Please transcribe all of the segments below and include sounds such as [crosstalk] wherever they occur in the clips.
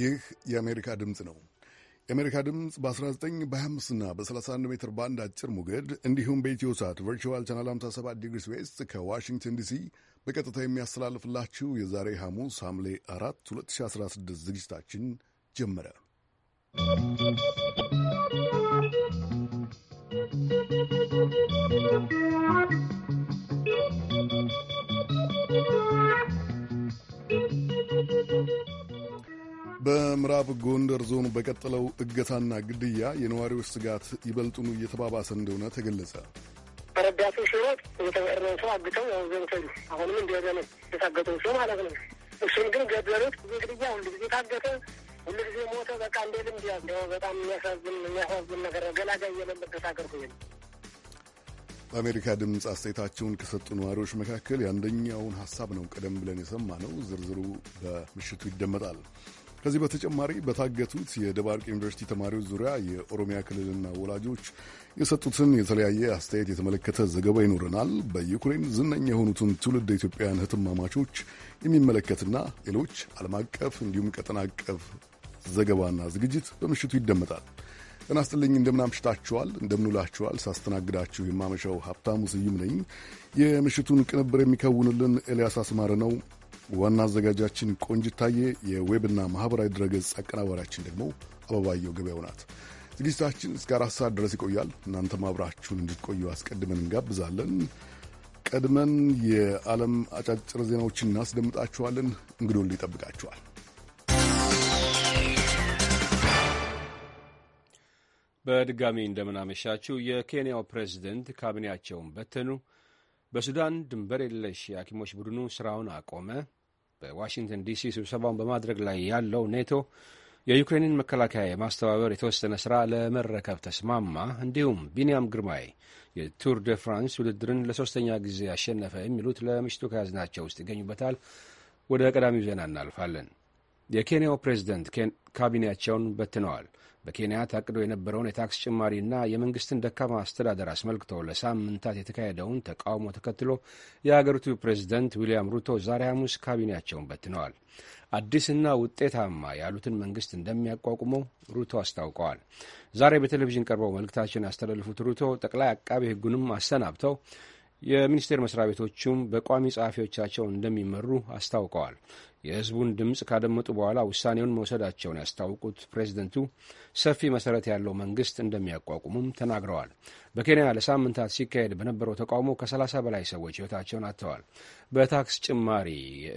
ይህ የአሜሪካ ድምፅ ነው። የአሜሪካ ድምፅ በ19 በ25ና በ31 ሜትር ባንድ አጭር ሞገድ እንዲሁም በኢትዮ ሳት ቨርቹዋል ቻናል 57 ዲግሪስ ዌስት ከዋሽንግተን ዲሲ በቀጥታ የሚያስተላልፍላችሁ የዛሬ ሐሙስ ሐምሌ 4 2016 ዝግጅታችን ጀመረ። በምዕራብ ጎንደር ዞን በቀጠለው እገታና ግድያ የነዋሪዎች ስጋት ይበልጡኑ እየተባባሰ እንደሆነ ተገለጸ። ረዳቱ ሽሮት የተበረ ሰው አግተው ያው አሁንም እንዲያዘነ ነው የታገተው ሰው ማለት ነው። እሱን ግን ገደሉት። ግድያ ሁሉ ጊዜ ታገተ፣ ሁሉ ጊዜ ሞተ። በቃ እንደ ልምድ ያው በጣም የሚያሳዝን የሚያሳዝን ነገር ገላጋ የሌለበት ሀገር ነው። በአሜሪካ ድምፅ አስተያየታቸውን ከሰጡ ነዋሪዎች መካከል የአንደኛውን ሀሳብ ነው ቀደም ብለን የሰማ ነው። ዝርዝሩ በምሽቱ ይደመጣል። ከዚህ በተጨማሪ በታገቱት የደባርቅ ዩኒቨርሲቲ ተማሪዎች ዙሪያ የኦሮሚያ ክልልና ወላጆች የሰጡትን የተለያየ አስተያየት የተመለከተ ዘገባ ይኖረናል። በዩክሬን ዝነኛ የሆኑትን ትውልድ ኢትዮጵያውያን ህትማማቾች የሚመለከትና ሌሎች ዓለም አቀፍ እንዲሁም ቀጠና አቀፍ ዘገባና ዝግጅት በምሽቱ ይደመጣል። ጤና ይስጥልኝ። እንደምን አምሽታችኋል? ሳስተናግዳችሁ የማመሻው ሀብታሙ ስዩም ነኝ። የምሽቱን ቅንብር የሚከውንልን ኤልያስ አስማረ ነው። ዋና አዘጋጃችን ቆንጅት ታዬ፣ የዌብና ማኅበራዊ ድረገጽ አቀናባሪያችን ደግሞ አበባየው ገበያው ናት። ዝግጅታችን እስከ አራት ሰዓት ድረስ ይቆያል። እናንተም አብራችሁን እንድትቆዩ አስቀድመን እንጋብዛለን። ቀድመን የዓለም አጫጭር ዜናዎችን እናስደምጣችኋለን። እንግዶል ይጠብቃችኋል። በድጋሚ እንደምናመሻችው የኬንያው ፕሬዝደንት ካቢኔያቸውን በተኑ። በሱዳን ድንበር የለሽ የሐኪሞች ቡድኑ ስራውን አቆመ። በዋሽንግተን ዲሲ ስብሰባውን በማድረግ ላይ ያለው ኔቶ የዩክሬንን መከላከያ የማስተባበር የተወሰነ ሥራ ለመረከብ ተስማማ። እንዲሁም ቢንያም ግርማይ የቱር ደ ፍራንስ ውድድርን ለሶስተኛ ጊዜ አሸነፈ የሚሉት ለምሽቱ ከያዝናቸው ውስጥ ይገኙበታል። ወደ ቀዳሚው ዜና እናልፋለን። የኬንያው ፕሬዝደንት ካቢኔያቸውን በትነዋል። በኬንያ ታቅዶ የነበረውን የታክስ ጭማሪና የመንግስትን ደካማ አስተዳደር አስመልክቶ ለሳምንታት የተካሄደውን ተቃውሞ ተከትሎ የአገሪቱ ፕሬዚደንት ዊልያም ሩቶ ዛሬ ሐሙስ ካቢኔያቸውን በትነዋል። አዲስና ውጤታማ ያሉትን መንግስት እንደሚያቋቁመው ሩቶ አስታውቀዋል። ዛሬ በቴሌቪዥን ቀርበው መልእክታቸውን ያስተላልፉት ሩቶ ጠቅላይ አቃቤ ሕጉንም አሰናብተው የሚኒስቴር መስሪያ ቤቶቹም በቋሚ ጸሐፊዎቻቸው እንደሚመሩ አስታውቀዋል። የህዝቡን ድምፅ ካደመጡ በኋላ ውሳኔውን መውሰዳቸውን ያስታውቁት ፕሬዚደንቱ ሰፊ መሰረት ያለው መንግስት እንደሚያቋቁሙም ተናግረዋል። በኬንያ ለሳምንታት ሲካሄድ በነበረው ተቃውሞ ከ30 በላይ ሰዎች ሕይወታቸውን አጥተዋል። በታክስ ጭማሪ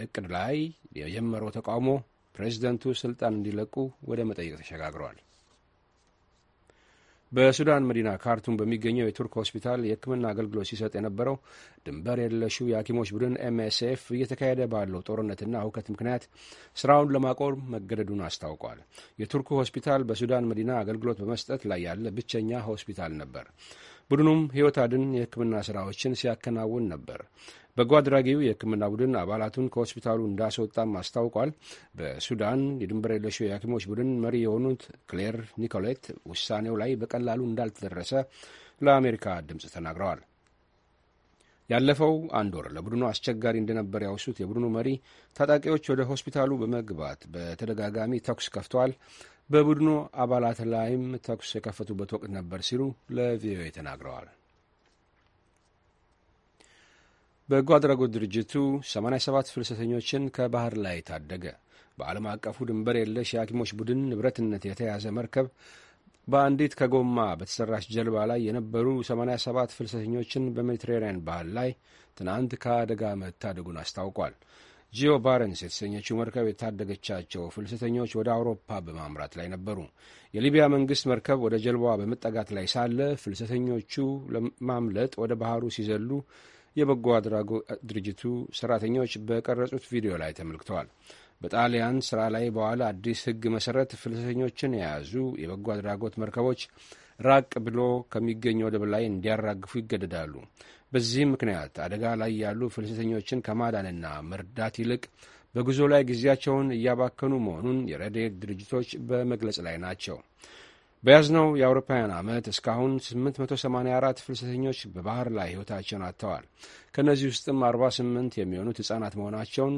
እቅድ ላይ የጀመረው ተቃውሞ ፕሬዚደንቱ ስልጣን እንዲለቁ ወደ መጠየቅ ተሸጋግረዋል። በሱዳን መዲና ካርቱም በሚገኘው የቱርክ ሆስፒታል የሕክምና አገልግሎት ሲሰጥ የነበረው ድንበር የለሹ የሐኪሞች ቡድን ኤምኤስኤፍ እየተካሄደ ባለው ጦርነትና ሁከት ምክንያት ስራውን ለማቆም መገደዱን አስታውቋል። የቱርኩ ሆስፒታል በሱዳን መዲና አገልግሎት በመስጠት ላይ ያለ ብቸኛ ሆስፒታል ነበር። ቡድኑም ሕይወት አድን የሕክምና ሥራዎችን ሲያከናውን ነበር። በጎ አድራጊው የሕክምና ቡድን አባላቱን ከሆስፒታሉ እንዳስወጣም አስታውቋል። በሱዳን የድንበር የለሽ የሐኪሞች ቡድን መሪ የሆኑት ክሌር ኒኮሌት ውሳኔው ላይ በቀላሉ እንዳልተደረሰ ለአሜሪካ ድምፅ ተናግረዋል። ያለፈው አንድ ወር ለቡድኑ አስቸጋሪ እንደነበር ያውሱት የቡድኑ መሪ ታጣቂዎች ወደ ሆስፒታሉ በመግባት በተደጋጋሚ ተኩስ ከፍተዋል። በቡድኑ አባላት ላይም ተኩስ የከፈቱበት ወቅት ነበር ሲሉ ለቪኦኤ ተናግረዋል። በጎ አድራጎት ድርጅቱ 87 ፍልሰተኞችን ከባህር ላይ ታደገ። በዓለም አቀፉ ድንበር የለሽ የሐኪሞች ቡድን ንብረትነት የተያዘ መርከብ በአንዲት ከጎማ በተሰራች ጀልባ ላይ የነበሩ 87 ፍልሰተኞችን በሜዲትሬንያን ባህር ላይ ትናንት ከአደጋ መታደጉን አስታውቋል። ጂኦ ባረንስ የተሰኘችው መርከብ የታደገቻቸው ፍልሰተኞች ወደ አውሮፓ በማምራት ላይ ነበሩ። የሊቢያ መንግስት መርከብ ወደ ጀልባዋ በመጠጋት ላይ ሳለ ፍልሰተኞቹ ለማምለጥ ወደ ባህሩ ሲዘሉ የበጎ አድራጎ ድርጅቱ ሰራተኞች በቀረጹት ቪዲዮ ላይ ተመልክተዋል። በጣሊያን ስራ ላይ በኋላ አዲስ ሕግ መሰረት ፍልሰተኞችን የያዙ የበጎ አድራጎት መርከቦች ራቅ ብሎ ከሚገኝ ወደብ ላይ እንዲያራግፉ ይገደዳሉ። በዚህም ምክንያት አደጋ ላይ ያሉ ፍልሰተኞችን ከማዳንና መርዳት ይልቅ በጉዞ ላይ ጊዜያቸውን እያባከኑ መሆኑን የረድኤት ድርጅቶች በመግለጽ ላይ ናቸው። በያዝነው የአውሮፓውያን ዓመት እስካሁን 884 ፍልሰተኞች በባህር ላይ ሕይወታቸውን አጥተዋል። ከእነዚህ ውስጥም 48 የሚሆኑት ሕፃናት መሆናቸውን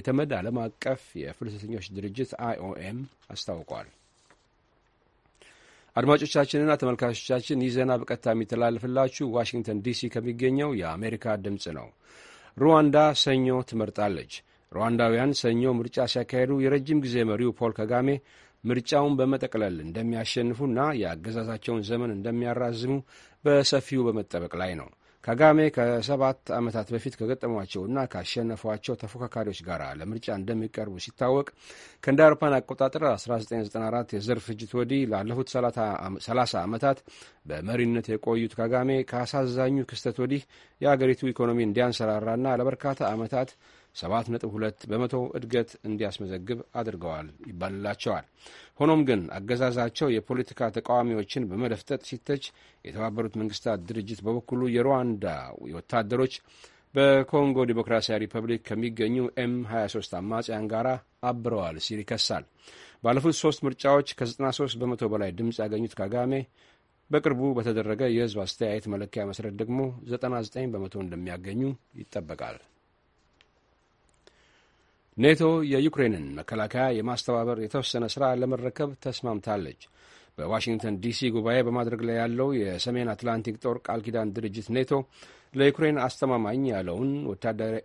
የተመድ ዓለም አቀፍ የፍልሰተኞች ድርጅት አይኦኤም አስታውቋል። አድማጮቻችንና ተመልካቾቻችን ይህ ዜና በቀጥታ የሚተላለፍላችሁ ዋሽንግተን ዲሲ ከሚገኘው የአሜሪካ ድምፅ ነው። ሩዋንዳ ሰኞ ትመርጣለች። ሩዋንዳውያን ሰኞ ምርጫ ሲያካሄዱ የረጅም ጊዜ መሪው ፖል ከጋሜ ምርጫውን በመጠቅለል እንደሚያሸንፉና የአገዛዛቸውን ዘመን እንደሚያራዝሙ በሰፊው በመጠበቅ ላይ ነው። ካጋሜ ከሰባት ዓመታት በፊት ከገጠሟቸውና ካሸነፏቸው ተፎካካሪዎች ጋር ለምርጫ እንደሚቀርቡ ሲታወቅ ከእንደ አውሮፓን አቆጣጠር 1994 የዘር ፍጅት ወዲህ ላለፉት 30 ዓመታት በመሪነት የቆዩት ካጋሜ ከአሳዛኙ ክስተት ወዲህ የአገሪቱ ኢኮኖሚ እንዲያንሰራራና ለበርካታ ዓመታት 7.2 በመቶ እድገት እንዲያስመዘግብ አድርገዋል ይባልላቸዋል። ሆኖም ግን አገዛዛቸው የፖለቲካ ተቃዋሚዎችን በመደፍጠጥ ሲተች፣ የተባበሩት መንግስታት ድርጅት በበኩሉ የሩዋንዳ ወታደሮች በኮንጎ ዲሞክራሲያዊ ሪፐብሊክ ከሚገኙ ኤም 23 አማጽያን ጋር አብረዋል ሲል ይከሳል። ባለፉት ሶስት ምርጫዎች ከ93 በመቶ በላይ ድምፅ ያገኙት ካጋሜ በቅርቡ በተደረገ የህዝብ አስተያየት መለኪያ መሰረት ደግሞ 99 በመቶ እንደሚያገኙ ይጠበቃል። ኔቶ የዩክሬንን መከላከያ የማስተባበር የተወሰነ ሥራ ለመረከብ ተስማምታለች። በዋሽንግተን ዲሲ ጉባኤ በማድረግ ላይ ያለው የሰሜን አትላንቲክ ጦር ቃል ኪዳን ድርጅት ኔቶ ለዩክሬን አስተማማኝ ያለውን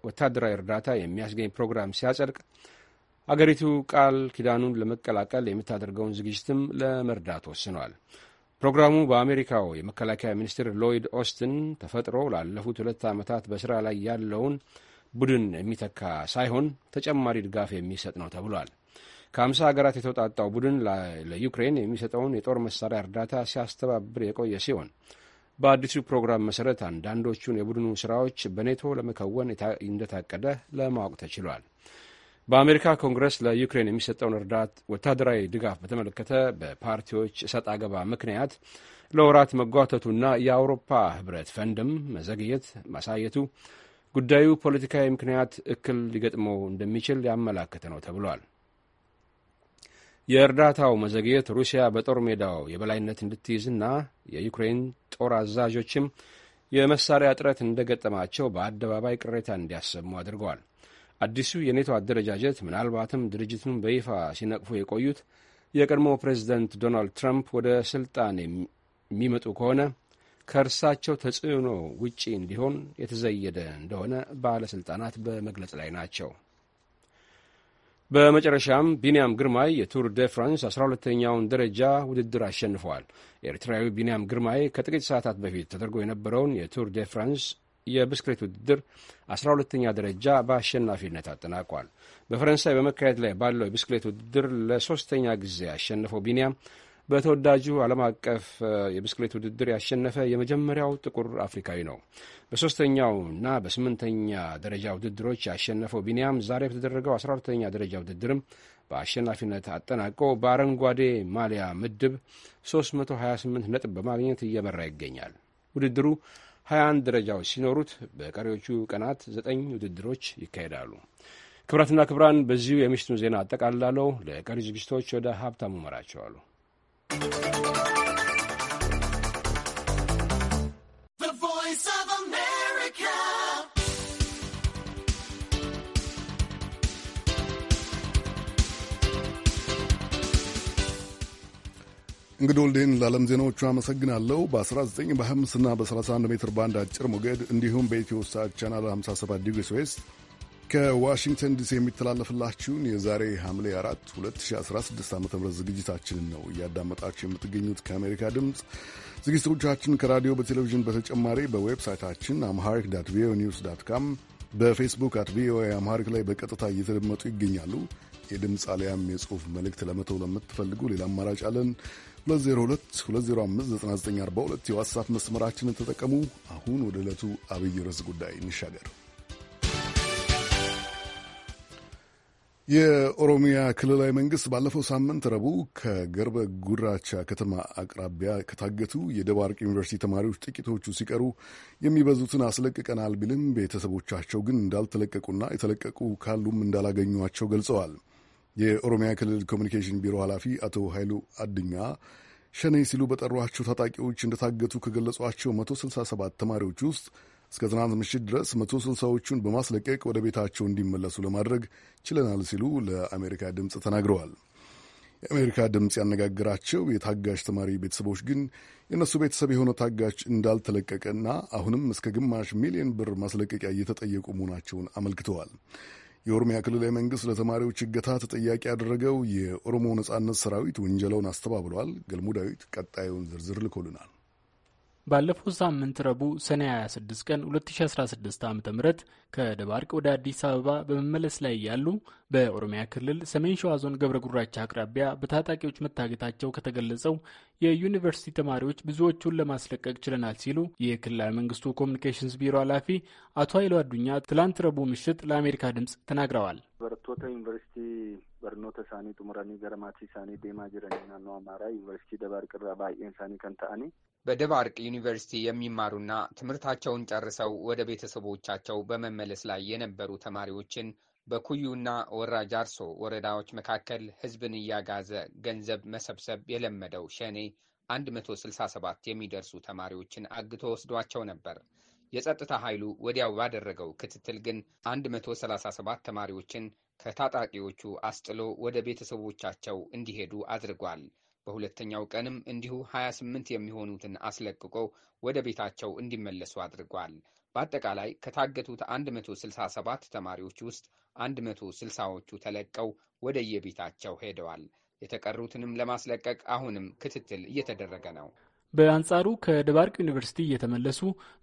ወታደራዊ እርዳታ የሚያስገኝ ፕሮግራም ሲያጸድቅ አገሪቱ ቃል ኪዳኑን ለመቀላቀል የምታደርገውን ዝግጅትም ለመርዳት ወስኗል። ፕሮግራሙ በአሜሪካው የመከላከያ ሚኒስትር ሎይድ ኦስትን ተፈጥሮ ላለፉት ሁለት ዓመታት በሥራ ላይ ያለውን ቡድን የሚተካ ሳይሆን ተጨማሪ ድጋፍ የሚሰጥ ነው ተብሏል። ከአምሳ ሀገራት የተውጣጣው ቡድን ለዩክሬን የሚሰጠውን የጦር መሳሪያ እርዳታ ሲያስተባብር የቆየ ሲሆን በአዲሱ ፕሮግራም መሰረት አንዳንዶቹን የቡድኑ ስራዎች በኔቶ ለመከወን እንደታቀደ ለማወቅ ተችሏል። በአሜሪካ ኮንግረስ ለዩክሬን የሚሰጠውን እርዳት ወታደራዊ ድጋፍ በተመለከተ በፓርቲዎች እሰጥ አገባ ምክንያት ለወራት መጓተቱና የአውሮፓ ህብረት ፈንድም መዘግየት ማሳየቱ ጉዳዩ ፖለቲካዊ ምክንያት እክል ሊገጥመው እንደሚችል ያመላከተ ነው ተብሏል። የእርዳታው መዘግየት ሩሲያ በጦር ሜዳው የበላይነት እንድትይዝና የዩክሬን ጦር አዛዦችም የመሳሪያ እጥረት እንደገጠማቸው በአደባባይ ቅሬታ እንዲያሰሙ አድርገዋል። አዲሱ የኔቶ አደረጃጀት ምናልባትም ድርጅቱን በይፋ ሲነቅፉ የቆዩት የቀድሞ ፕሬዚደንት ዶናልድ ትራምፕ ወደ ስልጣን የሚመጡ ከሆነ ከእርሳቸው ተጽዕኖ ውጪ እንዲሆን የተዘየደ እንደሆነ ባለሥልጣናት በመግለጽ ላይ ናቸው። በመጨረሻም ቢንያም ግርማይ የቱር ደ ፍራንስ 12ተኛውን ደረጃ ውድድር አሸንፈዋል። ኤርትራዊ ቢንያም ግርማይ ከጥቂት ሰዓታት በፊት ተደርጎ የነበረውን የቱር ደ ፍራንስ የብስክሌት ውድድር 12ተኛ ደረጃ በአሸናፊነት አጠናቋል። በፈረንሳይ በመካሄድ ላይ ባለው የብስክሌት ውድድር ለሶስተኛ ጊዜ ያሸነፈው ቢንያም በተወዳጁ ዓለም አቀፍ የብስክሌት ውድድር ያሸነፈ የመጀመሪያው ጥቁር አፍሪካዊ ነው። በሶስተኛው እና በስምንተኛ ደረጃ ውድድሮች ያሸነፈው ቢንያም ዛሬ በተደረገው 14ተኛ ደረጃ ውድድርም በአሸናፊነት አጠናቆ በአረንጓዴ ማሊያ ምድብ 328 ነጥብ በማግኘት እየመራ ይገኛል። ውድድሩ 21 ደረጃዎች ሲኖሩት በቀሪዎቹ ቀናት ዘጠኝ ውድድሮች ይካሄዳሉ። ክብራትና ክብራን በዚሁ የምሽቱን ዜና አጠቃልላለሁ። ለቀሪ ዝግጅቶች ወደ ሀብታሙ መራቸዋሉ። እንግዲህ ወልዴን ለዓለም ዜናዎቹ አመሰግናለሁ። በ19 በ25 እና በ31 ሜትር ባንድ አጭር ሞገድ እንዲሁም በኢትዮ ሳት ቻናል 57 ዲግሪ ስዌስት ከዋሽንግተን ዲሲ የሚተላለፍላችሁን የዛሬ ሐምሌ 4 2016 ዓ ም ዝግጅታችንን ነው እያዳመጣችሁ የምትገኙት ከአሜሪካ ድምፅ። ዝግጅቶቻችን ከራዲዮ በቴሌቪዥን በተጨማሪ በዌብሳይታችን አምሃሪክ ዳት ቪኦኤ ኒውስ ዳት ካም፣ በፌስቡክ አት ቪኦኤ አምሃሪክ ላይ በቀጥታ እየተደመጡ ይገኛሉ። የድምፅ አሊያም የጽሑፍ መልእክት ለመተው ለምትፈልጉ ሌላ አማራጭ አለን። 2022059942 የዋትሳፕ መስመራችንን ተጠቀሙ። አሁን ወደ ዕለቱ አብይ ርዕስ ጉዳይ እንሻገር። የኦሮሚያ ክልላዊ መንግስት ባለፈው ሳምንት ረቡዕ ከገርበ ጉራቻ ከተማ አቅራቢያ ከታገቱ የደባርቅ ዩኒቨርሲቲ ተማሪዎች ጥቂቶቹ ሲቀሩ የሚበዙትን አስለቅቀናል ቢልም ቤተሰቦቻቸው ግን እንዳልተለቀቁና የተለቀቁ ካሉም እንዳላገኟቸው ገልጸዋል። የኦሮሚያ ክልል ኮሚኒኬሽን ቢሮ ኃላፊ አቶ ኃይሉ አድኛ ሸኔ ሲሉ በጠሯቸው ታጣቂዎች እንደታገቱ ከገለጿቸው 167 ተማሪዎች ውስጥ እስከ ትናንት ምሽት ድረስ መቶ ስልሳዎቹን በማስለቀቅ ወደ ቤታቸው እንዲመለሱ ለማድረግ ችለናል ሲሉ ለአሜሪካ ድምፅ ተናግረዋል። የአሜሪካ ድምፅ ያነጋግራቸው የታጋሽ ተማሪ ቤተሰቦች ግን የእነሱ ቤተሰብ የሆነ ታጋች እንዳልተለቀቀና አሁንም እስከ ግማሽ ሚሊዮን ብር ማስለቀቂያ እየተጠየቁ መሆናቸውን አመልክተዋል። የኦሮሚያ ክልላዊ መንግስት ለተማሪዎች እገታ ተጠያቂ ያደረገው የኦሮሞ ነጻነት ሰራዊት ውንጀላውን አስተባብሏል። ገልሙ ዳዊት ቀጣዩን ዝርዝር ልኮልናል። ባለፈው ሳምንት ረቡዕ ሰኔ 26 ቀን 2016 ዓ ም ከደባርቅ ወደ አዲስ አበባ በመመለስ ላይ ያሉ በኦሮሚያ ክልል ሰሜን ሸዋ ዞን ገብረ ጉራቻ አቅራቢያ በታጣቂዎች መታገታቸው ከተገለጸው የዩኒቨርሲቲ ተማሪዎች ብዙዎቹን ለማስለቀቅ ችለናል ሲሉ የክልላዊ መንግስቱ ኮሚኒኬሽንስ ቢሮ ኃላፊ አቶ ኃይሉ አዱኛ ትላንት ረቡዕ ምሽት ለአሜሪካ ድምፅ ተናግረዋል። በረቶተ ዩኒቨርሲቲ በርኖተ ሳኒ ጡሙራኒ ገረማቲ ሳኒ ዴማ ጅረኒ ናኖ አማራ ዩኒቨርሲቲ ደባርቅራ ባየን ሳኒ ከንታአኒ በደባርቅ ዩኒቨርሲቲ የሚማሩና ትምህርታቸውን ጨርሰው ወደ ቤተሰቦቻቸው በመመለስ ላይ የነበሩ ተማሪዎችን በኩዩና ወራ ጃርሶ ወረዳዎች መካከል ህዝብን እያጋዘ ገንዘብ መሰብሰብ የለመደው ሸኔ 167 የሚደርሱ ተማሪዎችን አግቶ ወስዷቸው ነበር። የጸጥታ ኃይሉ ወዲያው ባደረገው ክትትል ግን 137 ተማሪዎችን ከታጣቂዎቹ አስጥሎ ወደ ቤተሰቦቻቸው እንዲሄዱ አድርጓል። በሁለተኛው ቀንም እንዲሁ 28 የሚሆኑትን አስለቅቆ ወደ ቤታቸው እንዲመለሱ አድርጓል። በአጠቃላይ ከታገቱት 167 ተማሪዎች ውስጥ 160ዎቹ ተለቀው ወደየቤታቸው ሄደዋል። የተቀሩትንም ለማስለቀቅ አሁንም ክትትል እየተደረገ ነው። በአንጻሩ ከደባርቅ ዩኒቨርሲቲ እየተመለሱ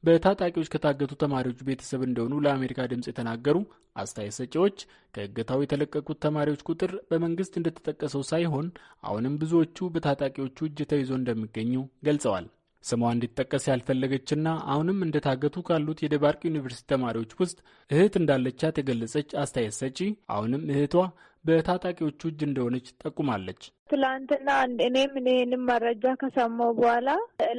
በታጣቂዎች ከታገቱ ተማሪዎች ቤተሰብ እንደሆኑ ለአሜሪካ ድምፅ የተናገሩ አስተያየት ሰጪዎች ከእገታው የተለቀቁት ተማሪዎች ቁጥር በመንግስት እንደተጠቀሰው ሳይሆን አሁንም ብዙዎቹ በታጣቂዎቹ እጅ ተይዞ እንደሚገኙ ገልጸዋል። ስሟ እንዲጠቀስ ያልፈለገችና አሁንም እንደታገቱ ካሉት የደባርቅ ዩኒቨርሲቲ ተማሪዎች ውስጥ እህት እንዳለቻት የገለጸች አስተያየት ሰጪ አሁንም እህቷ በታጣቂዎቹ እጅ እንደሆነች ጠቁማለች። ትላንትና እኔም ይህንም መረጃ ከሰማሁ በኋላ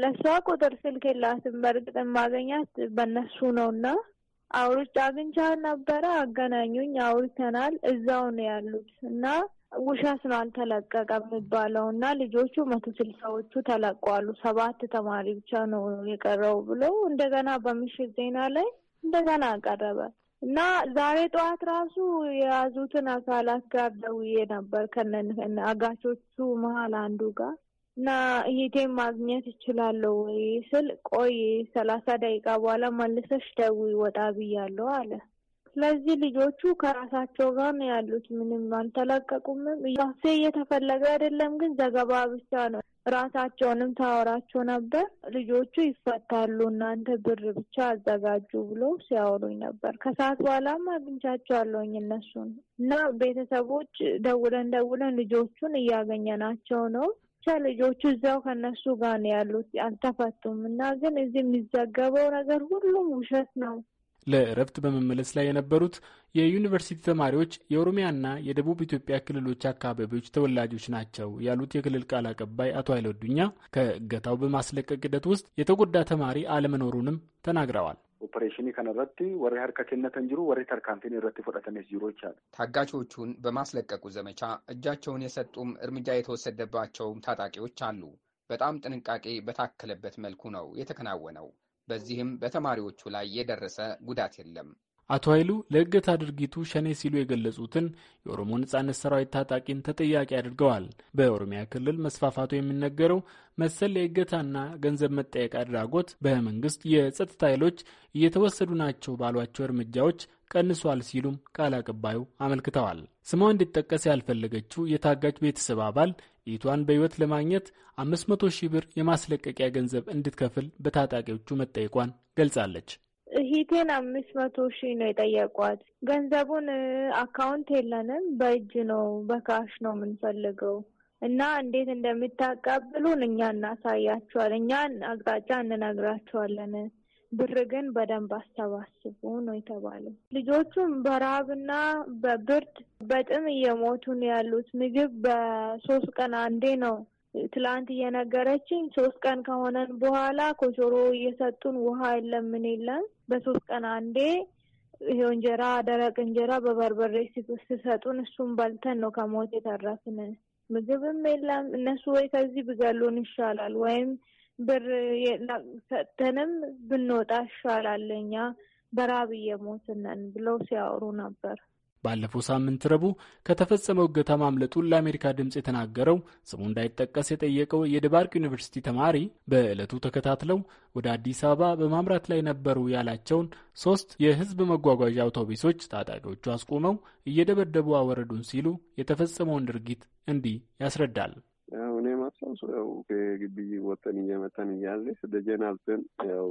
ለእሷ ቁጥር ስልክ የላትም። በእርግጥ የማገኛት በእነሱ ነውና አውርቼ አግኝቻት ነበረ። አገናኙኝ፣ አውርተናል። እዛው ነው ያሉት እና ውሸት ነው አልተለቀቀ የሚባለው እና ልጆቹ መቶ ስልሳዎቹ ተለቋሉ። ሰባት ተማሪ ብቻ ነው የቀረው ብለው እንደገና በምሽት ዜና ላይ እንደገና አቀረበ እና ዛሬ ጠዋት ራሱ የያዙትን አካላት ጋር ደውዬ ነበር ከነን አጋቾቹ መሀል አንዱ ጋር እና እህቴን ማግኘት ይችላለሁ ወይ ስል ቆይ ሰላሳ ደቂቃ በኋላ መልሰሽ ደዊ ወጣ ብያለሁ አለ። ስለዚህ ልጆቹ ከራሳቸው ጋር ነው ያሉት። ምንም አልተለቀቁምም። ራሴ እየተፈለገ አይደለም፣ ግን ዘገባ ብቻ ነው። ራሳቸውንም ታወራቸው ነበር። ልጆቹ ይፈታሉ፣ እናንተ ብር ብቻ አዘጋጁ ብሎ ሲያወሩኝ ነበር። ከሰዓት በኋላም አግኝቻቸዋለሁኝ እነሱን እና ቤተሰቦች ደውለን ደውለን ልጆቹን እያገኘናቸው ነው። ብቻ ልጆቹ እዚያው ከነሱ ጋር ነው ያሉት፣ አልተፈቱም እና ግን እዚህ የሚዘገበው ነገር ሁሉም ውሸት ነው ለእረፍት በመመለስ ላይ የነበሩት የዩኒቨርሲቲ ተማሪዎች የኦሮሚያና የደቡብ ኢትዮጵያ ክልሎች አካባቢዎች ተወላጆች ናቸው ያሉት የክልል ቃል አቀባይ አቶ ኃይለ ዱኛ ከእገታው በማስለቀቅ ሂደት ውስጥ የተጎዳ ተማሪ አለመኖሩንም ተናግረዋል። ኦፐሬሽን ከነረት ወሬ ሀርከ ጅሩ ወሬ ተርካንቴን ረት ፎጠተሜስ ጅሮ ይቻል ታጋቾቹን በማስለቀቁ ዘመቻ እጃቸውን የሰጡም እርምጃ የተወሰደባቸውም ታጣቂዎች አሉ። በጣም ጥንቃቄ በታከለበት መልኩ ነው የተከናወነው። በዚህም በተማሪዎቹ ላይ የደረሰ ጉዳት የለም። አቶ ኃይሉ ለእገታ ድርጊቱ ሸኔ ሲሉ የገለጹትን የኦሮሞ ነጻነት ሰራዊት ታጣቂን ተጠያቂ አድርገዋል። በኦሮሚያ ክልል መስፋፋቱ የሚነገረው መሰል የእገታና ገንዘብ መጠየቅ አድራጎት በመንግስት የጸጥታ ኃይሎች እየተወሰዱ ናቸው ባሏቸው እርምጃዎች ቀንሷል ሲሉም ቃል አቀባዩ አመልክተዋል። ስሟ እንዲጠቀስ ያልፈለገችው የታጋጅ ቤተሰብ አባል ኢቷን በሕይወት ለማግኘት 500 ሺህ ብር የማስለቀቂያ ገንዘብ እንድትከፍል በታጣቂዎቹ መጠየቋን ገልጻለች። ሂቴን አምስት መቶ ሺህ ነው የጠየቋት። ገንዘቡን አካውንት የለንም፣ በእጅ ነው በካሽ ነው የምንፈልገው እና እንዴት እንደምታቀብሉን እኛ እናሳያቸዋል፣ እኛን አቅጣጫ እንነግራቸዋለን ብር ግን በደንብ አሰባስቡ ነው የተባለው። ልጆቹም በረሃብና በብርድ በጥም እየሞቱ ነው ያሉት። ምግብ በሶስት ቀን አንዴ ነው ትላንት እየነገረችኝ። ሶስት ቀን ከሆነን በኋላ ኮቾሮ እየሰጡን ውሃ የለም ምን የለም። በሶስት ቀን አንዴ ይሄው እንጀራ፣ ደረቅ እንጀራ በበርበሬ ሲሰጡን እሱም በልተን ነው ከሞት የተረፍን። ምግብም የለም። እነሱ ወይ ከዚህ ብገሉን ይሻላል ወይም ብር ሰጥተንም ብንወጣ ይሻላል እኛ በራብ እየሞትን ብለው ሲያወሩ ነበር። ባለፈው ሳምንት ረቡዕ ከተፈጸመው እገታ ማምለጡን ለአሜሪካ ድምፅ የተናገረው ስሙ እንዳይጠቀስ የጠየቀው የድባርቅ ዩኒቨርሲቲ ተማሪ በዕለቱ ተከታትለው ወደ አዲስ አበባ በማምራት ላይ ነበሩ ያላቸውን ሶስት የሕዝብ መጓጓዣ አውቶቡሶች ታጣቂዎቹ አስቆመው እየደበደቡ አወረዱን ሲሉ የተፈጸመውን ድርጊት እንዲህ ያስረዳል። ያው እኔ ማስታውሱ ያው ከግቢ ወጠን እየመጣን እያለ ደጀን አልፈን ያው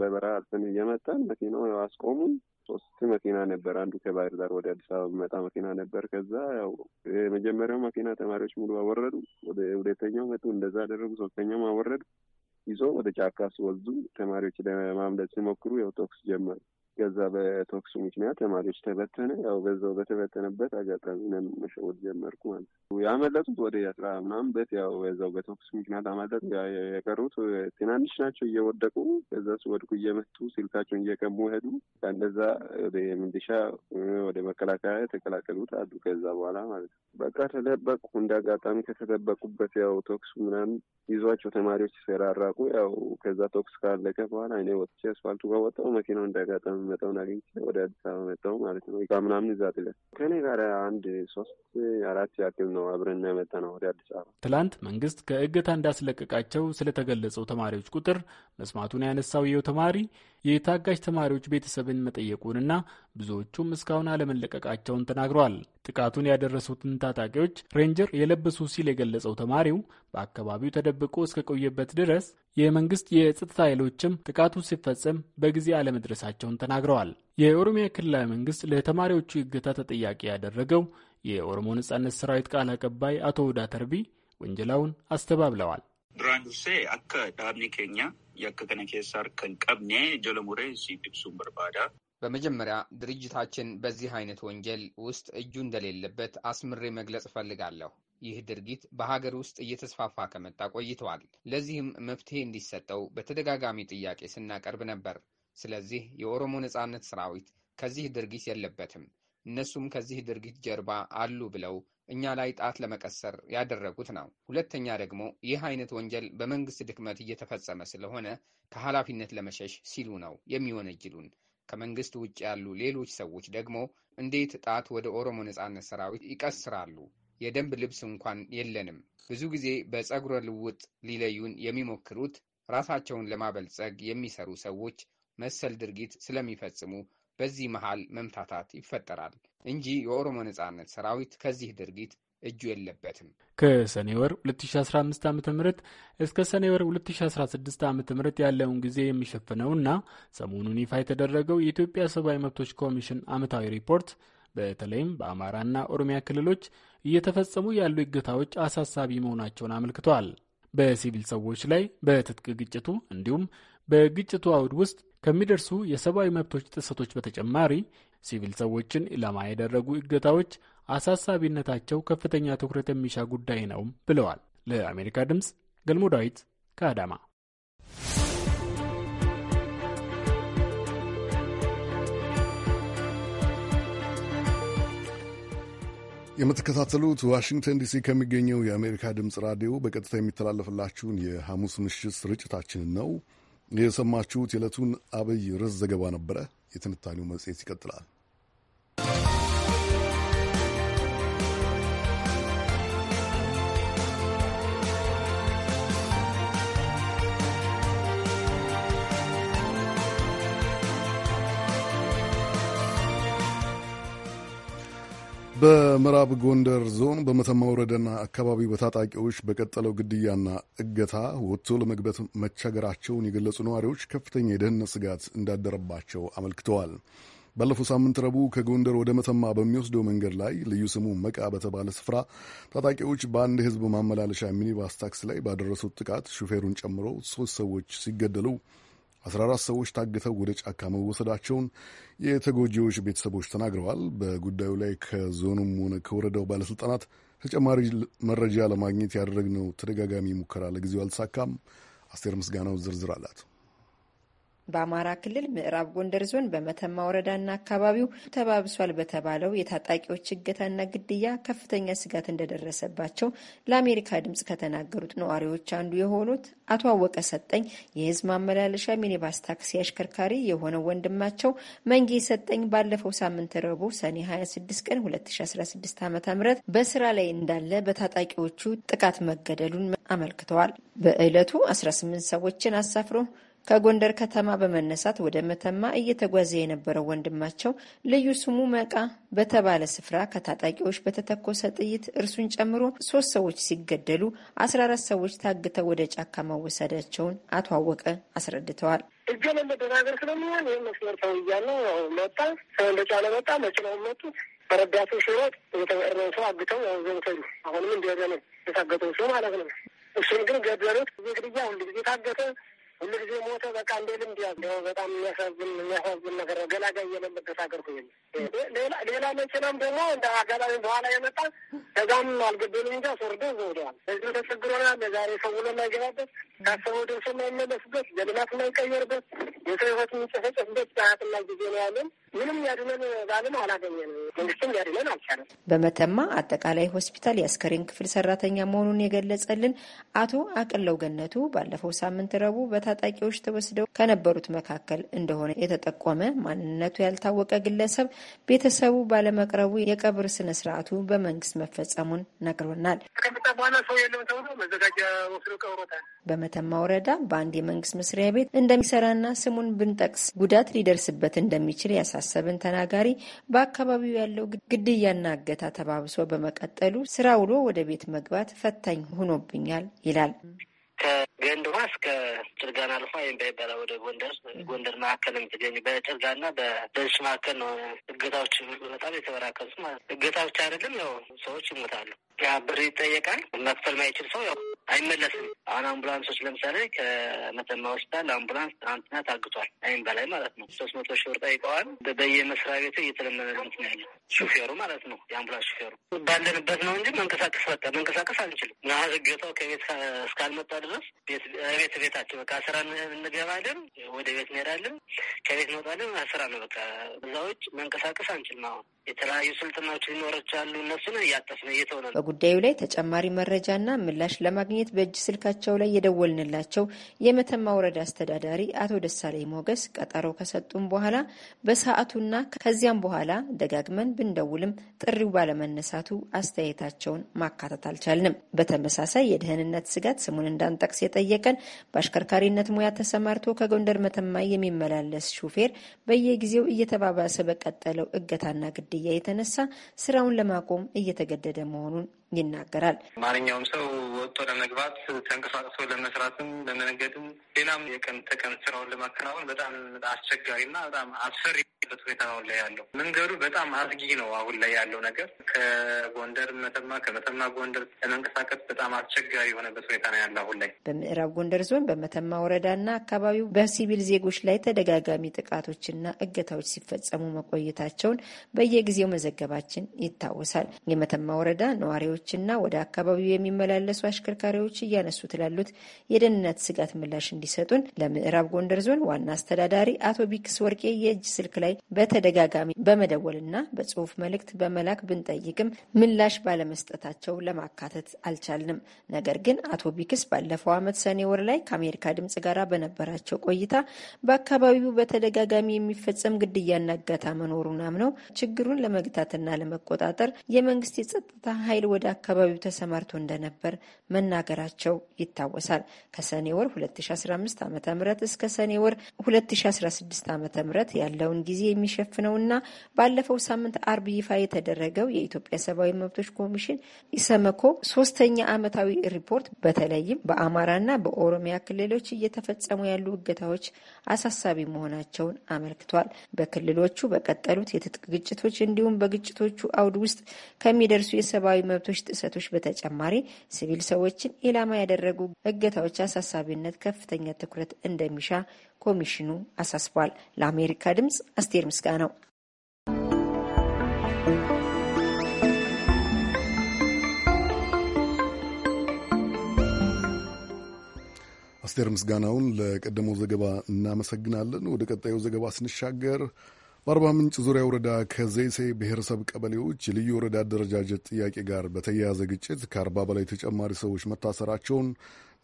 በበረሃ አልፈን እየመጣን መኪናው ያው አስቆሙን። ሶስት መኪና ነበር። አንዱ ከባህር ዳር ወደ አዲስ አበባ መጣ መኪና ነበር። ከዛ ያው የመጀመሪያው መኪና ተማሪዎች ሙሉ አወረዱ። ወደ ሁለተኛው መጡ፣ እንደዛ አደረጉ። ሶስተኛው አወረዱ። ይዞ ወደ ጫካ ሲወዙ ተማሪዎች ለማምለጥ ሲሞክሩ ያው ተኩስ ጀመሩ። ከዛ በተኩሱ ምክንያት ተማሪዎች ተበተነ። ያው በዛው በተበተነበት አጋጣሚ ነን መሸወድ ጀመርኩ ማለት ነው። ያመለጡት ወደ አስራ ምናምን በት ያው በዛው በተኩሱ ምክንያት አመለጡ። የቀሩት ትናንሽ ናቸው እየወደቁ ከዛ ሲወድቁ እየመቱ ስልካቸውን እየቀሙ ሄዱ። ከእንደዛ ወደ ምንድሻ ወደ መከላከያ የተቀላቀሉት አሉ። ከዛ በኋላ ማለት ነው በቃ ተደበቁ። እንደ አጋጣሚ ከተደበቁበት ያው ተኩሱ ምናምን ይዟቸው ተማሪዎች ሲሰራራቁ ያው ከዛ ተኩስ ካለቀ በኋላ እኔ ወጥቼ አስፋልቱ ጋር መኪናው እንደ አጋጣሚ የምመጣውን አግኝቼ ወደ አዲስ አበባ መጣሁ ማለት ነው። እቃ ምናምን እዛ ጥለን ከእኔ ጋር አንድ ሶስት አራት ያክል ነው አብረና የመጣ ነው ወደ አዲስ አበባ። ትላንት መንግስት ከእገታ እንዳስለቀቃቸው ስለተገለጸው ተማሪዎች ቁጥር መስማቱን ያነሳው ይኸው ተማሪ የታጋጅ ተማሪዎች ቤተሰብን መጠየቁንና ብዙዎቹም እስካሁን አለመለቀቃቸውን ተናግረዋል። ጥቃቱን ያደረሱትን ታጣቂዎች ሬንጀር የለበሱ ሲል የገለጸው ተማሪው በአካባቢው ተደብቆ እስከቆየበት ድረስ የመንግስት የጸጥታ ኃይሎችም ጥቃቱ ሲፈጸም በጊዜ አለመድረሳቸውን ተናግረዋል። የኦሮሚያ ክልላዊ መንግስት ለተማሪዎቹ እገታ ተጠያቂ ያደረገው የኦሮሞ ነጻነት ሰራዊት ቃል አቀባይ አቶ ውዳ ተርቢ ወንጀላውን አስተባብለዋል። Duraan dursee akka dhaabni keenya yakka kana keessaa harka hin qabne jala muree siif ibsuun barbaada. በመጀመሪያ ድርጅታችን በዚህ አይነት ወንጀል ውስጥ እጁ እንደሌለበት አስምሬ መግለጽ እፈልጋለሁ። ይህ ድርጊት በሀገር ውስጥ እየተስፋፋ ከመጣ ቆይተዋል። ለዚህም መፍትሄ እንዲሰጠው በተደጋጋሚ ጥያቄ ስናቀርብ ነበር። ስለዚህ የኦሮሞ ነጻነት ሰራዊት ከዚህ ድርጊት የለበትም፣ እነሱም ከዚህ ድርጊት ጀርባ አሉ ብለው እኛ ላይ ጣት ለመቀሰር ያደረጉት ነው። ሁለተኛ ደግሞ ይህ አይነት ወንጀል በመንግስት ድክመት እየተፈጸመ ስለሆነ ከኃላፊነት ለመሸሽ ሲሉ ነው የሚወነጅሉን። ከመንግስት ውጭ ያሉ ሌሎች ሰዎች ደግሞ እንዴት ጣት ወደ ኦሮሞ ነጻነት ሰራዊት ይቀስራሉ? የደንብ ልብስ እንኳን የለንም። ብዙ ጊዜ በጸጉረ ልውጥ ሊለዩን የሚሞክሩት ራሳቸውን ለማበልጸግ የሚሰሩ ሰዎች መሰል ድርጊት ስለሚፈጽሙ በዚህ መሃል መምታታት ይፈጠራል እንጂ የኦሮሞ ነጻነት ሰራዊት ከዚህ ድርጊት እጁ የለበትም። ከሰኔ ወር 2015 ዓ ም እስከ ሰኔ ወር 2016 ዓ ም ያለውን ጊዜ የሚሸፍነውና ሰሞኑን ይፋ የተደረገው የኢትዮጵያ ሰብአዊ መብቶች ኮሚሽን ዓመታዊ ሪፖርት በተለይም በአማራና ኦሮሚያ ክልሎች እየተፈጸሙ ያሉ እገታዎች አሳሳቢ መሆናቸውን አመልክተዋል። በሲቪል ሰዎች ላይ በትጥቅ ግጭቱ እንዲሁም በግጭቱ አውድ ውስጥ ከሚደርሱ የሰብአዊ መብቶች ጥሰቶች በተጨማሪ ሲቪል ሰዎችን ኢላማ የደረጉ እገታዎች አሳሳቢነታቸው ከፍተኛ ትኩረት የሚሻ ጉዳይ ነው ብለዋል። ለአሜሪካ ድምፅ ገልሞ ዳዊት ከአዳማ። የምትከታተሉት ዋሽንግተን ዲሲ ከሚገኘው የአሜሪካ ድምፅ ራዲዮ በቀጥታ የሚተላለፍላችሁን የሐሙስ ምሽት ስርጭታችንን ነው። የሰማችሁት የዕለቱን አብይ ርዕስ ዘገባ ነበረ። የትንታኔው መጽሔት ይቀጥላል። በምዕራብ ጎንደር ዞን በመተማ ወረዳና አካባቢው በታጣቂዎች በቀጠለው ግድያና እገታ ወጥቶ ለመግባት መቸገራቸውን የገለጹ ነዋሪዎች ከፍተኛ የደህንነት ስጋት እንዳደረባቸው አመልክተዋል። ባለፈው ሳምንት ረቡዕ ከጎንደር ወደ መተማ በሚወስደው መንገድ ላይ ልዩ ስሙ መቃ በተባለ ስፍራ ታጣቂዎች በአንድ ሕዝብ ማመላለሻ ሚኒባስ ታክስ ላይ ባደረሱት ጥቃት ሹፌሩን ጨምሮ ሶስት ሰዎች ሲገደሉ 14 ሰዎች ታግተው ወደ ጫካ መወሰዳቸውን የተጎጂዎች ቤተሰቦች ተናግረዋል። በጉዳዩ ላይ ከዞኑም ሆነ ከወረዳው ባለስልጣናት ተጨማሪ መረጃ ለማግኘት ያደረግነው ተደጋጋሚ ሙከራ ለጊዜው አልተሳካም። አስቴር ምስጋናው ዝርዝር አላት። በአማራ ክልል ምዕራብ ጎንደር ዞን በመተማ ወረዳና አካባቢው ተባብሷል በተባለው የታጣቂዎች እገታና ግድያ ከፍተኛ ስጋት እንደደረሰባቸው ለአሜሪካ ድምጽ ከተናገሩት ነዋሪዎች አንዱ የሆኑት አቶ አወቀ ሰጠኝ የህዝብ ማመላለሻ ሚኒባስ ታክሲ አሽከርካሪ የሆነው ወንድማቸው መንጌ ሰጠኝ ባለፈው ሳምንት ረቡዕ ሰኔ 26 ቀን 2016 ዓ ም በስራ ላይ እንዳለ በታጣቂዎቹ ጥቃት መገደሉን አመልክተዋል። በዕለቱ 18 ሰዎችን አሳፍሮ ከጎንደር ከተማ በመነሳት ወደ መተማ እየተጓዘ የነበረው ወንድማቸው ልዩ ስሙ መቃ በተባለ ስፍራ ከታጣቂዎች በተተኮሰ ጥይት እርሱን ጨምሮ ሶስት ሰዎች ሲገደሉ አስራ አራት ሰዎች ታግተው ወደ ጫካ መወሰዳቸውን አቶ አወቀ አስረድተዋል። እገሌ መደናገር ስለሚሆን ይህ መስመር ሰው እያለ ያው መጣ። ሰው እንደጫለ መጣ። መኪናውን መጡት። በረዳቱ ሽሮት የተቀረው ሰው አግተው ያው ዘውተሉ አሁንም እንደሆነ ነው የታገተው ሰው ማለት ነው። እሱን ግን ገደሉት። ይህ ግድያ ጊዜ ታገተ ሁሉ ጊዜ ሞተ። በቃ እንደ ልምድ ያዝ በጣም የሚያሳዝን የሚያሳዝን ነገር ነው። ገላጋይ የሌለበት ሀገር ሁኝ ሌላ መኪናም ደግሞ እንደ አጋጣሚ በኋላ የመጣ ከዛም አልገደሉ እንጂ አስወርዶ ዘውደዋል። እዚሁ ተቸግሮናል። የዛሬ ሰው ውሎ የማይገባበት ካሰበው ደርሶ የማይመለስበት በልማት የማይቀየርበት የሰው ህይወት የሚጨፈጨፍበት ሰዓትና ጊዜ ነው ያለን። ምንም ያድነን ባለም አላገኘንም፣ መንግስትም ሊያድነን አልቻለም። በመተማ አጠቃላይ ሆስፒታል የአስከሬን ክፍል ሰራተኛ መሆኑን የገለጸልን አቶ አቅለው ገነቱ ባለፈው ሳምንት ረቡዕ በታጣቂዎች ተወስደው ከነበሩት መካከል እንደሆነ የተጠቆመ ማንነቱ ያልታወቀ ግለሰብ ቤተሰቡ ባለመቅረቡ የቀብር ስነ ስርዓቱ በመንግስት መፈጸሙን ነግሮናል። በመተማ ወረዳ በአንድ የመንግስት መስሪያ ቤት እንደሚሰራና ስሙ ስሙን ብንጠቅስ ጉዳት ሊደርስበት እንደሚችል ያሳሰብን ተናጋሪ በአካባቢው ያለው ግድያና እገታ ተባብሶ በመቀጠሉ ስራ ውሎ ወደ ቤት መግባት ፈታኝ ሆኖብኛል ይላል። ገንድዋ እስከ ጭርጋና አልፋ ወይም በይበላ ወደ ጎንደር ጎንደር መካከል የምትገኝ በጭርጋና በደንሽ መካከል ነው። እገታዎች በጣም የተበራከሱ ማለት ነው። እገታ ብቻ አይደለም፣ ያው ሰዎች ይሞታሉ። ያ ብር ይጠየቃል። መክፈል ማይችል ሰው ያው አይመለስም። አሁን አምቡላንሶች ለምሳሌ ከመተማ ሆስፒታል አምቡላንስ ትናንትና ታግቷል። አይም በላይ ማለት ነው። ሶስት መቶ ሺህ ብር ጠይቀዋል። በየመስሪያ ቤቱ እየተለመደ ምትና ያለ ሹፌሩ ማለት ነው። የአምቡላንስ ሹፌሩ ባለንበት ነው እንጂ መንቀሳቀስ በቃ መንቀሳቀስ አንችልም። ናሀዝ እገታው ከቤት እስካልመጣ ድረስ ቤት ቤታቸው በቃ ስራ እንገባለን፣ ወደ ቤት እንሄዳለን፣ ከቤት እንወጣለን። ስራ ነው በቃ እዛ ውጭ መንቀሳቀስ አንችልም። አሁን የተለያዩ ስልጠናዎች ሊኖሩ ይችላሉ። እነሱን ነው እየተሆነ ነው። በጉዳዩ ላይ ተጨማሪ መረጃና ምላሽ ለማግኘት በእጅ ስልካቸው ላይ የደወልንላቸው የመተማ ወረዳ አስተዳዳሪ አቶ ደሳለኝ ሞገስ ቀጠሮ ከሰጡም በኋላ በሰዓቱና ከዚያም በኋላ ደጋግመን ብንደውልም ጥሪው ባለመነሳቱ አስተያየታቸውን ማካተት አልቻልንም። በተመሳሳይ የደህንነት ስጋት ስሙን እንዳንጠቅስ የጠየቀን በአሽከርካሪነት ሙያ ተሰማርቶ ከጎንደር መተማ የሚመላለስ ሹፌር በየጊዜው እየተባባሰ በቀጠለው እገታና ግድያ የተነሳ ስራውን ለማቆም እየተገደደ መሆኑን ይናገራል። ማንኛውም ሰው ወጥቶ ለመግባት ተንቀሳቅሶ ለመስራትም ለመነገድም ሌላም የቀን ተቀን ስራውን ለማከናወን በጣም አስቸጋሪና በጣም አሰሪ ሁኔታ ነው ላይ ያለው። መንገዱ በጣም አስጊ ነው። አሁን ላይ ያለው ነገር ከጎንደር መተማ፣ ከመተማ ጎንደር ለመንቀሳቀስ በጣም አስቸጋሪ የሆነበት ሁኔታ ነው ያለው አሁን ላይ። በምዕራብ ጎንደር ዞን በመተማ ወረዳና አካባቢው በሲቪል ዜጎች ላይ ተደጋጋሚ ጥቃቶችና እገታዎች ሲፈጸሙ መቆየታቸውን በየጊዜው መዘገባችን ይታወሳል። የመተማ ወረዳ ነዋሪዎች ነዋሪዎችና ወደ አካባቢው የሚመላለሱ አሽከርካሪዎች እያነሱት ላሉት የደህንነት ስጋት ምላሽ እንዲሰጡን ለምዕራብ ጎንደር ዞን ዋና አስተዳዳሪ አቶ ቢክስ ወርቄ የእጅ ስልክ ላይ በተደጋጋሚ በመደወልና በጽሁፍ መልእክት በመላክ ብንጠይቅም ምላሽ ባለመስጠታቸው ለማካተት አልቻልንም። ነገር ግን አቶ ቢክስ ባለፈው ዓመት ሰኔ ወር ላይ ከአሜሪካ ድምጽ ጋር በነበራቸው ቆይታ በአካባቢው በተደጋጋሚ የሚፈጸም ግድያና እገታ መኖሩን አምነው ችግሩን ለመግታትና ለመቆጣጠር የመንግስት የጸጥታ ኃይል ወደ አካባቢው ተሰማርቶ እንደነበር መናገራቸው ይታወሳል። ከሰኔ ወር 2015 ዓ ም እስከ ሰኔ ወር 2016 ዓ ም ያለውን ጊዜ የሚሸፍነውና ባለፈው ሳምንት አርብ ይፋ የተደረገው የኢትዮጵያ ሰብአዊ መብቶች ኮሚሽን ኢሰመኮ ሶስተኛ ዓመታዊ ሪፖርት በተለይም በአማራና በኦሮሚያ ክልሎች እየተፈጸሙ ያሉ እገታዎች አሳሳቢ መሆናቸውን አመልክቷል። በክልሎቹ በቀጠሉት የትጥቅ ግጭቶች እንዲሁም በግጭቶቹ አውድ ውስጥ ከሚደርሱ የሰብአዊ መብቶች ጥሰቶች በተጨማሪ ሲቪል ሰዎችን ኢላማ ያደረጉ እገታዎች አሳሳቢነት ከፍተኛ ትኩረት እንደሚሻ ኮሚሽኑ አሳስቧል። ለአሜሪካ ድምጽ አስቴር ምስጋናው። አስቴር ምስጋናውን ለቀደመው ዘገባ እናመሰግናለን። ወደ ቀጣዩ ዘገባ ስንሻገር በአርባ ምንጭ ዙሪያ ወረዳ ከዘይሴ ብሔረሰብ ቀበሌዎች የልዩ ወረዳ አደረጃጀት ጥያቄ ጋር በተያያዘ ግጭት ከአርባ በላይ ተጨማሪ ሰዎች መታሰራቸውን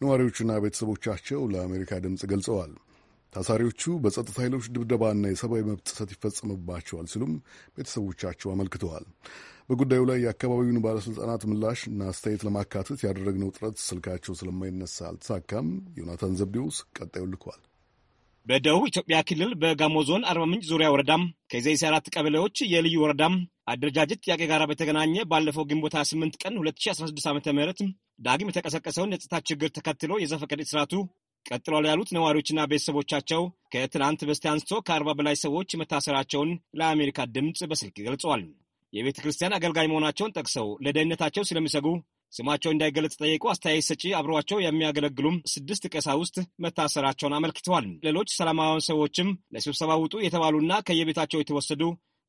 ነዋሪዎቹና ቤተሰቦቻቸው ለአሜሪካ ድምፅ ገልጸዋል። ታሳሪዎቹ በጸጥታ ኃይሎች ድብደባና የሰብአዊ መብት ጥሰት ይፈጸምባቸዋል ሲሉም ቤተሰቦቻቸው አመልክተዋል። በጉዳዩ ላይ የአካባቢውን ባለሥልጣናት እና አስተያየት ለማካተት ያደረግነው ጥረት ስልካቸው ስለማይነሳ አልተሳካም። ዮናታን ዘብዴውስ ቀጣዩ ልኳል። በደቡብ ኢትዮጵያ ክልል በጋሞ ዞን አርባ ምንጭ ዙሪያ ወረዳም ከዘይሴ አራት ቀበሌዎች የልዩ ወረዳም አደረጃጀት ጥያቄ ጋር በተገናኘ ባለፈው ግንቦት 28 ቀን 2016 ዓ ም ዳግም የተቀሰቀሰውን የጸጥታ ችግር ተከትሎ የዘፈቀደ እስራቱ ቀጥሏል ያሉት ነዋሪዎችና ቤተሰቦቻቸው ከትናንት በስቲያ አንስቶ ከአርባ በላይ ሰዎች መታሰራቸውን ለአሜሪካ ድምፅ በስልክ ገልጸዋል። የቤተ ክርስቲያን አገልጋይ መሆናቸውን ጠቅሰው ለደህንነታቸው ስለሚሰጉ ስማቸው እንዳይገለጽ ጠየቁ አስተያየት ሰጪ አብሯቸው የሚያገለግሉም ስድስት ቀሳውስት መታሰራቸውን አመልክተዋል። ሌሎች ሰላማውያን ሰዎችም ለስብሰባ ውጡ የተባሉና ከየቤታቸው የተወሰዱ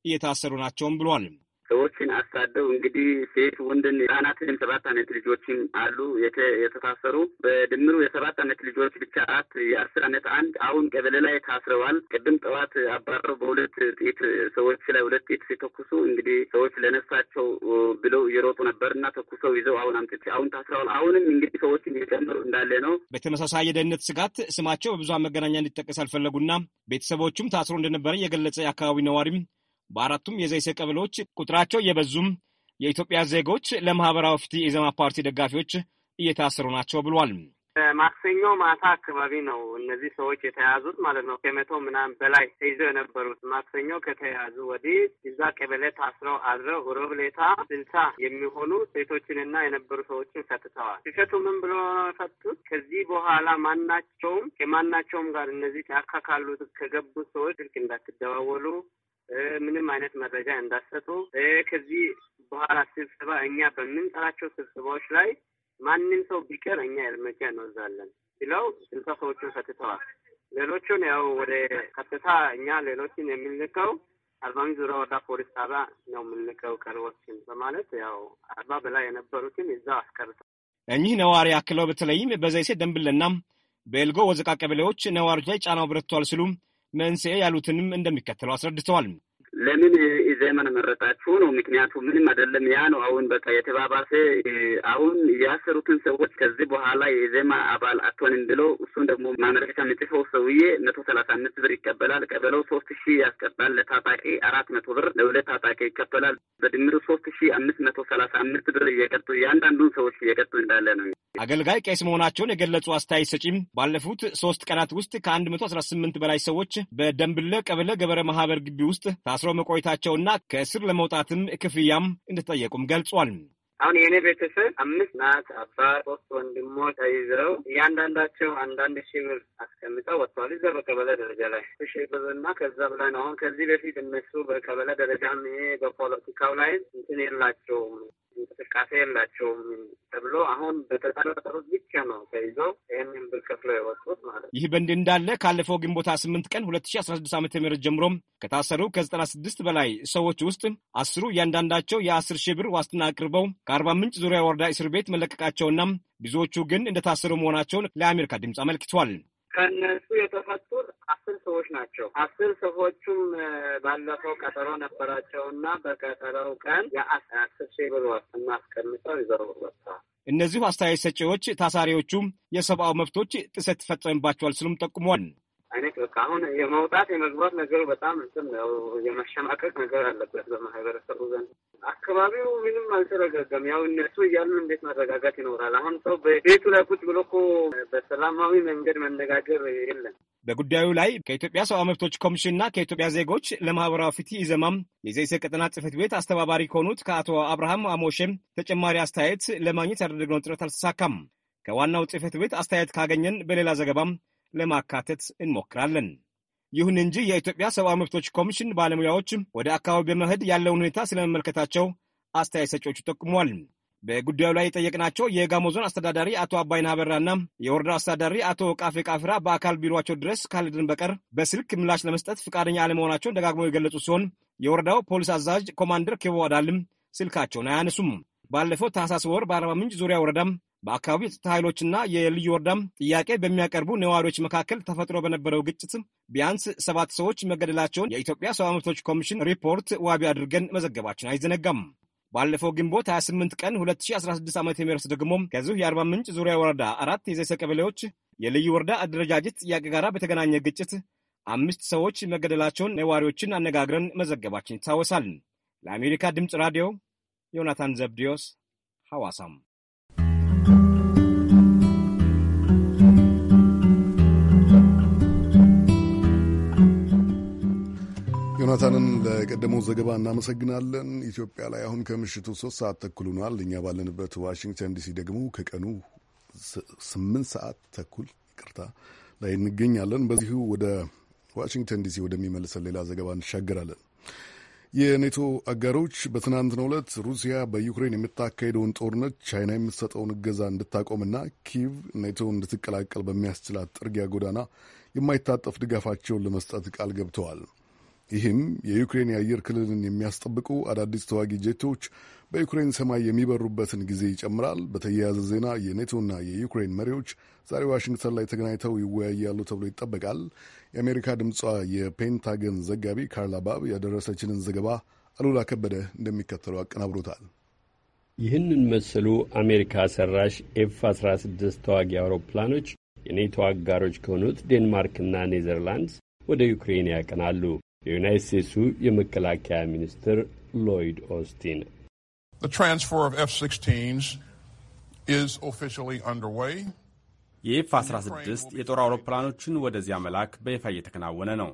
እየታሰሩ ናቸውም ብሏል። ሰዎችን አሳደው እንግዲህ ሴት ወንድን ህጻናትን ሰባት አመት ልጆችም አሉ የተሳሰሩ በድምሩ የሰባት አመት ልጆች ብቻ አት የአስር አመት አንድ አሁን ቀበሌ ላይ ታስረዋል። ቅድም ጠዋት አባረው በሁለት ጥይት ሰዎች ላይ ሁለት ጥይት ሲተኩሱ እንግዲህ ሰዎች ለነፍሳቸው ብለው እየሮጡ ነበር እና ተኩሰው ይዘው አሁን አምት አሁን ታስረዋል። አሁንም እንግዲህ ሰዎችን እየጨመሩ እንዳለ ነው። በተመሳሳይ የደህንነት ስጋት ስማቸው በብዙሃን መገናኛ እንዲጠቀስ አልፈለጉና ቤተሰቦቹም ታስሮ እንደነበረ የገለጸ የአካባቢ ነዋሪም በአራቱም የዘይሴ ቀበሌዎች ቁጥራቸው እየበዙም የኢትዮጵያ ዜጎች ለማህበራዊ ፍትህ የዘማ ፓርቲ ደጋፊዎች እየታሰሩ ናቸው ብሏል። ማክሰኞ ማታ አካባቢ ነው እነዚህ ሰዎች የተያዙት ማለት ነው። ከመቶ ምናምን በላይ ተይዘው የነበሩት ማክሰኞ ከተያዙ ወዲህ እዛ ቀበሌ ታስረው አድረው ሮብሌታ ስልሳ የሚሆኑ ሴቶችንና የነበሩ ሰዎችን ፈትተዋል። ሲፈቱ ምን ብሎ ፈቱት? ከዚህ በኋላ ማናቸውም ከማናቸውም ጋር እነዚህ ጫካ ካሉት ከገቡት ሰዎች ስልክ እንዳትደዋወሉ፣ ምንም አይነት መረጃ እንዳሰጡ ከዚህ በኋላ ስብሰባ እኛ በምንጠራቸው ስብሰባዎች ላይ ማንም ሰው ቢቀር እኛ እርምጃ እንወዛለን ሲለው ስልሳ ሰዎችን ፈትተዋል። ሌሎቹን ያው ወደ ቀጥታ እኛ ሌሎችን የምንልከው አርባ አርባሚ ዙሪያ ወረዳ ፖሊስ ጣቢያ ነው የምንልከው ቀሪዎችን በማለት ያው አርባ በላይ የነበሩትን እዛው አስቀርተው እኚህ ነዋሪ አክለው በተለይም በዘይሴ ደንብለና በኤልጎ ወዘቃ ቀበሌዎች ነዋሪዎች ላይ ጫናው በርትቷል ሲሉ መንስኤ ያሉትንም እንደሚከተለው አስረድተዋል። ለምን ዘመን መረጣችሁ ነው ምክንያቱ ምንም አይደለም። ያ ነው አሁን በቃ የተባባሰ አሁን ያሰሩትን ሰዎች ከዚህ በኋላ የዜማ አባል አትሆንም ብሎ እሱን ደግሞ ማመልከቻ የሚጽፈው ሰውዬ መቶ ሰላሳ አምስት ብር ይቀበላል። ቀበለው ሶስት ሺህ ያስቀባል። ለታጣቂ አራት መቶ ብር ለሁለት ታጣቂ ይቀበላል። በድምር ሶስት ሺህ አምስት መቶ ሰላሳ አምስት ብር እየቀጡ እያንዳንዱን ሰዎች እየቀጡ እንዳለ ነው። አገልጋይ ቄስ መሆናቸውን የገለጹ አስተያየት ሰጪም ባለፉት ሶስት ቀናት ውስጥ ከአንድ መቶ አስራ ስምንት በላይ ሰዎች በደንብለ ቀበለ ገበረ ማህበር ግቢ ውስጥ ታስረው መቆየታቸውን እና ከእስር ለመውጣትም ክፍያም እንደተጠየቁም ገልጿል። አሁን የእኔ ቤተሰብ አምስት ናት። አባት ሶስት ወንድሞች ተይዘው እያንዳንዳቸው አንዳንድ ሺ ብር አስቀምጠው ወጥተዋል። እዛ በቀበሌ ደረጃ ላይ ሺ ብር እና ከዛ በላይ ነው። አሁን ከዚህ በፊት እነሱ በቀበሌ ደረጃ ይሄ በፖለቲካው ላይ እንትን የላቸውም እንቅስቃሴ የላቸውም ተብሎ አሁን በተጠረጠሩት ብቻ ነው ተይዘው ይህንን ብር የወጡት ማለት ነው። ይህ በእንዲህ እንዳለ ካለፈው ግንቦት ስምንት ቀን ሁለት ሺ አስራ ስድስት ዓመተ ምህረት ጀምሮ ከታሰሩ ከዘጠና ስድስት በላይ ሰዎች ውስጥ አስሩ እያንዳንዳቸው የአስር ሺህ ብር ዋስትና አቅርበው ከአርባ ምንጭ ዙሪያ ወረዳ እስር ቤት መለቀቃቸውና ብዙዎቹ ግን እንደታሰሩ መሆናቸውን ለአሜሪካ ድምፅ አመልክቷል። ከእነሱ የተፈቱት አስር ሰዎች ናቸው። አስር ሰዎቹም ባለፈው ቀጠሮ ነበራቸውና በቀጠሮው ቀን የአስር ሺህ ብር ዋስትና አስቀምጠው ይዘው ወጥተዋል። እነዚሁ አስተያየት ሰጪዎች ታሳሪዎቹም የሰብአዊ መብቶች ጥሰት ይፈጸምባቸዋል ስሉም ጠቁመዋል። አይነት በቃ አሁን የመውጣት የመግባት ነገሩ በጣም ነው የመሸማቀቅ ነገር አለበት በማህበረሰቡ ዘንድ አካባቢው ምንም አልተረጋጋም። ያው እነሱ እያሉ እንዴት መረጋጋት ይኖራል? አሁን ሰው በቤቱ ላይ ቁጭ ብሎ እኮ በሰላማዊ መንገድ መነጋገር የለም። በጉዳዩ ላይ ከኢትዮጵያ ሰብአዊ መብቶች ኮሚሽንና ከኢትዮጵያ ዜጎች ለማህበራዊ ፍትህ ኢዜማም የዘይሴ ቀጠና ጽሕፈት ቤት አስተባባሪ ከሆኑት ከአቶ አብርሃም አሞሼም ተጨማሪ አስተያየት ለማግኘት ያደረግነው ጥረት አልተሳካም። ከዋናው ጽፈት ቤት አስተያየት ካገኘን በሌላ ዘገባም ለማካተት እንሞክራለን። ይሁን እንጂ የኢትዮጵያ ሰብአዊ መብቶች ኮሚሽን ባለሙያዎች ወደ አካባቢ በመሄድ ያለውን ሁኔታ ስለመመልከታቸው አስተያየት ሰጪዎቹ ጠቁመዋል። በጉዳዩ ላይ የጠየቅናቸው የጋሞ ዞን አስተዳዳሪ አቶ አባይን አበራና የወረዳው አስተዳዳሪ አቶ ቃፌ ቃፍራ በአካል ቢሮቸው ድረስ ካልድን በቀር በስልክ ምላሽ ለመስጠት ፈቃደኛ አለመሆናቸውን ደጋግመው የገለጹ ሲሆን የወረዳው ፖሊስ አዛዥ ኮማንደር ኬቦ ዋዳልም ስልካቸውን አያነሱም። ባለፈው ታህሳስ ወር በአርባ ምንጭ ዙሪያ ወረዳም በአካባቢው የጸጥታ ኃይሎችና የልዩ ወረዳም ጥያቄ በሚያቀርቡ ነዋሪዎች መካከል ተፈጥሮ በነበረው ግጭት ቢያንስ ሰባት ሰዎች መገደላቸውን የኢትዮጵያ ሰብዓዊ መብቶች ኮሚሽን ሪፖርት ዋቢ አድርገን መዘገባችን አይዘነጋም። ባለፈው ግንቦት 28 ቀን 2016 ዓ ም ደግሞ ከዚሁ የአርባ ምንጭ ዙሪያ ወረዳ አራት የዘሰ ቀበሌዎች የልዩ ወረዳ አደረጃጀት ጥያቄ ጋር በተገናኘ ግጭት አምስት ሰዎች መገደላቸውን ነዋሪዎችን አነጋግረን መዘገባችን ይታወሳል። ለአሜሪካ ድምፅ ራዲዮ ዮናታን ዘብዲዮስ ሐዋሳም ዮናታንን ለቀደመው ዘገባ እናመሰግናለን። ኢትዮጵያ ላይ አሁን ከምሽቱ ሶስት ሰዓት ተኩል ሆኗል። እኛ ባለንበት ዋሽንግተን ዲሲ ደግሞ ከቀኑ ስምንት ሰዓት ተኩል ይቅርታ ላይ እንገኛለን። በዚሁ ወደ ዋሽንግተን ዲሲ ወደሚመልሰን ሌላ ዘገባ እንሻገራለን። የኔቶ አጋሮች በትናንትናው ዕለት ሩሲያ በዩክሬን የምታካሄደውን ጦርነት ቻይና የምትሰጠውን እገዛ እንድታቆምና ኪቭ ኔቶ እንድትቀላቀል በሚያስችላት ጥርጊያ ጎዳና የማይታጠፍ ድጋፋቸውን ለመስጠት ቃል ገብተዋል። ይህም የዩክሬን የአየር ክልልን የሚያስጠብቁ አዳዲስ ተዋጊ ጄቶች በዩክሬን ሰማይ የሚበሩበትን ጊዜ ይጨምራል። በተያያዘ ዜና የኔቶና የዩክሬን መሪዎች ዛሬ ዋሽንግተን ላይ ተገናኝተው ይወያያሉ ተብሎ ይጠበቃል። የአሜሪካ ድምጿ የፔንታገን ዘጋቢ ካርላ ባብ ያደረሰችንን ዘገባ አሉላ ከበደ እንደሚከተለው አቀናብሮታል። ይህንን መሰሉ አሜሪካ ሰራሽ ኤፍ 16 ተዋጊ አውሮፕላኖች የኔቶ አጋሮች ከሆኑት ዴንማርክና ኔዘርላንድስ ወደ ዩክሬን ያቀናሉ። የዩናይት ስቴትሱ የመከላከያ ሚኒስትር ሎይድ ኦስቲን የኤፍ 16 የጦር አውሮፕላኖችን ወደዚያ መላክ በይፋ እየተከናወነ ነው።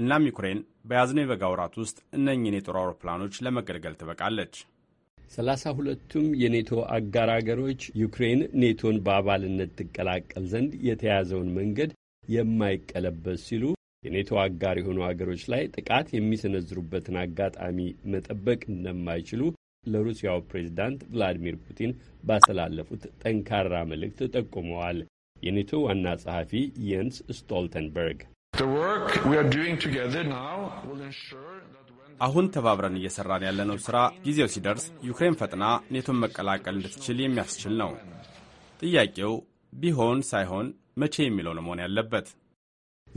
እናም ዩክሬን በያዝነው የበጋ ወራት ውስጥ እነኚህን የጦር አውሮፕላኖች ለመገልገል ትበቃለች። ሰላሳ ሁለቱም የኔቶ አጋር አገሮች ዩክሬን ኔቶን በአባልነት ትቀላቀል ዘንድ የተያዘውን መንገድ የማይቀለበስ ሲሉ የኔቶ አጋር የሆኑ አገሮች ላይ ጥቃት የሚሰነዝሩበትን አጋጣሚ መጠበቅ እንደማይችሉ ለሩሲያው ፕሬዚዳንት ቭላዲሚር ፑቲን ባስተላለፉት ጠንካራ መልእክት ጠቁመዋል። የኔቶ ዋና ጸሐፊ የንስ ስቶልተንበርግ አሁን ተባብረን እየሰራን ያለነው ሥራ ጊዜው ሲደርስ ዩክሬን ፈጥና ኔቶን መቀላቀል እንድትችል የሚያስችል ነው። ጥያቄው ቢሆን ሳይሆን መቼ የሚለው ነው መሆን ያለበት።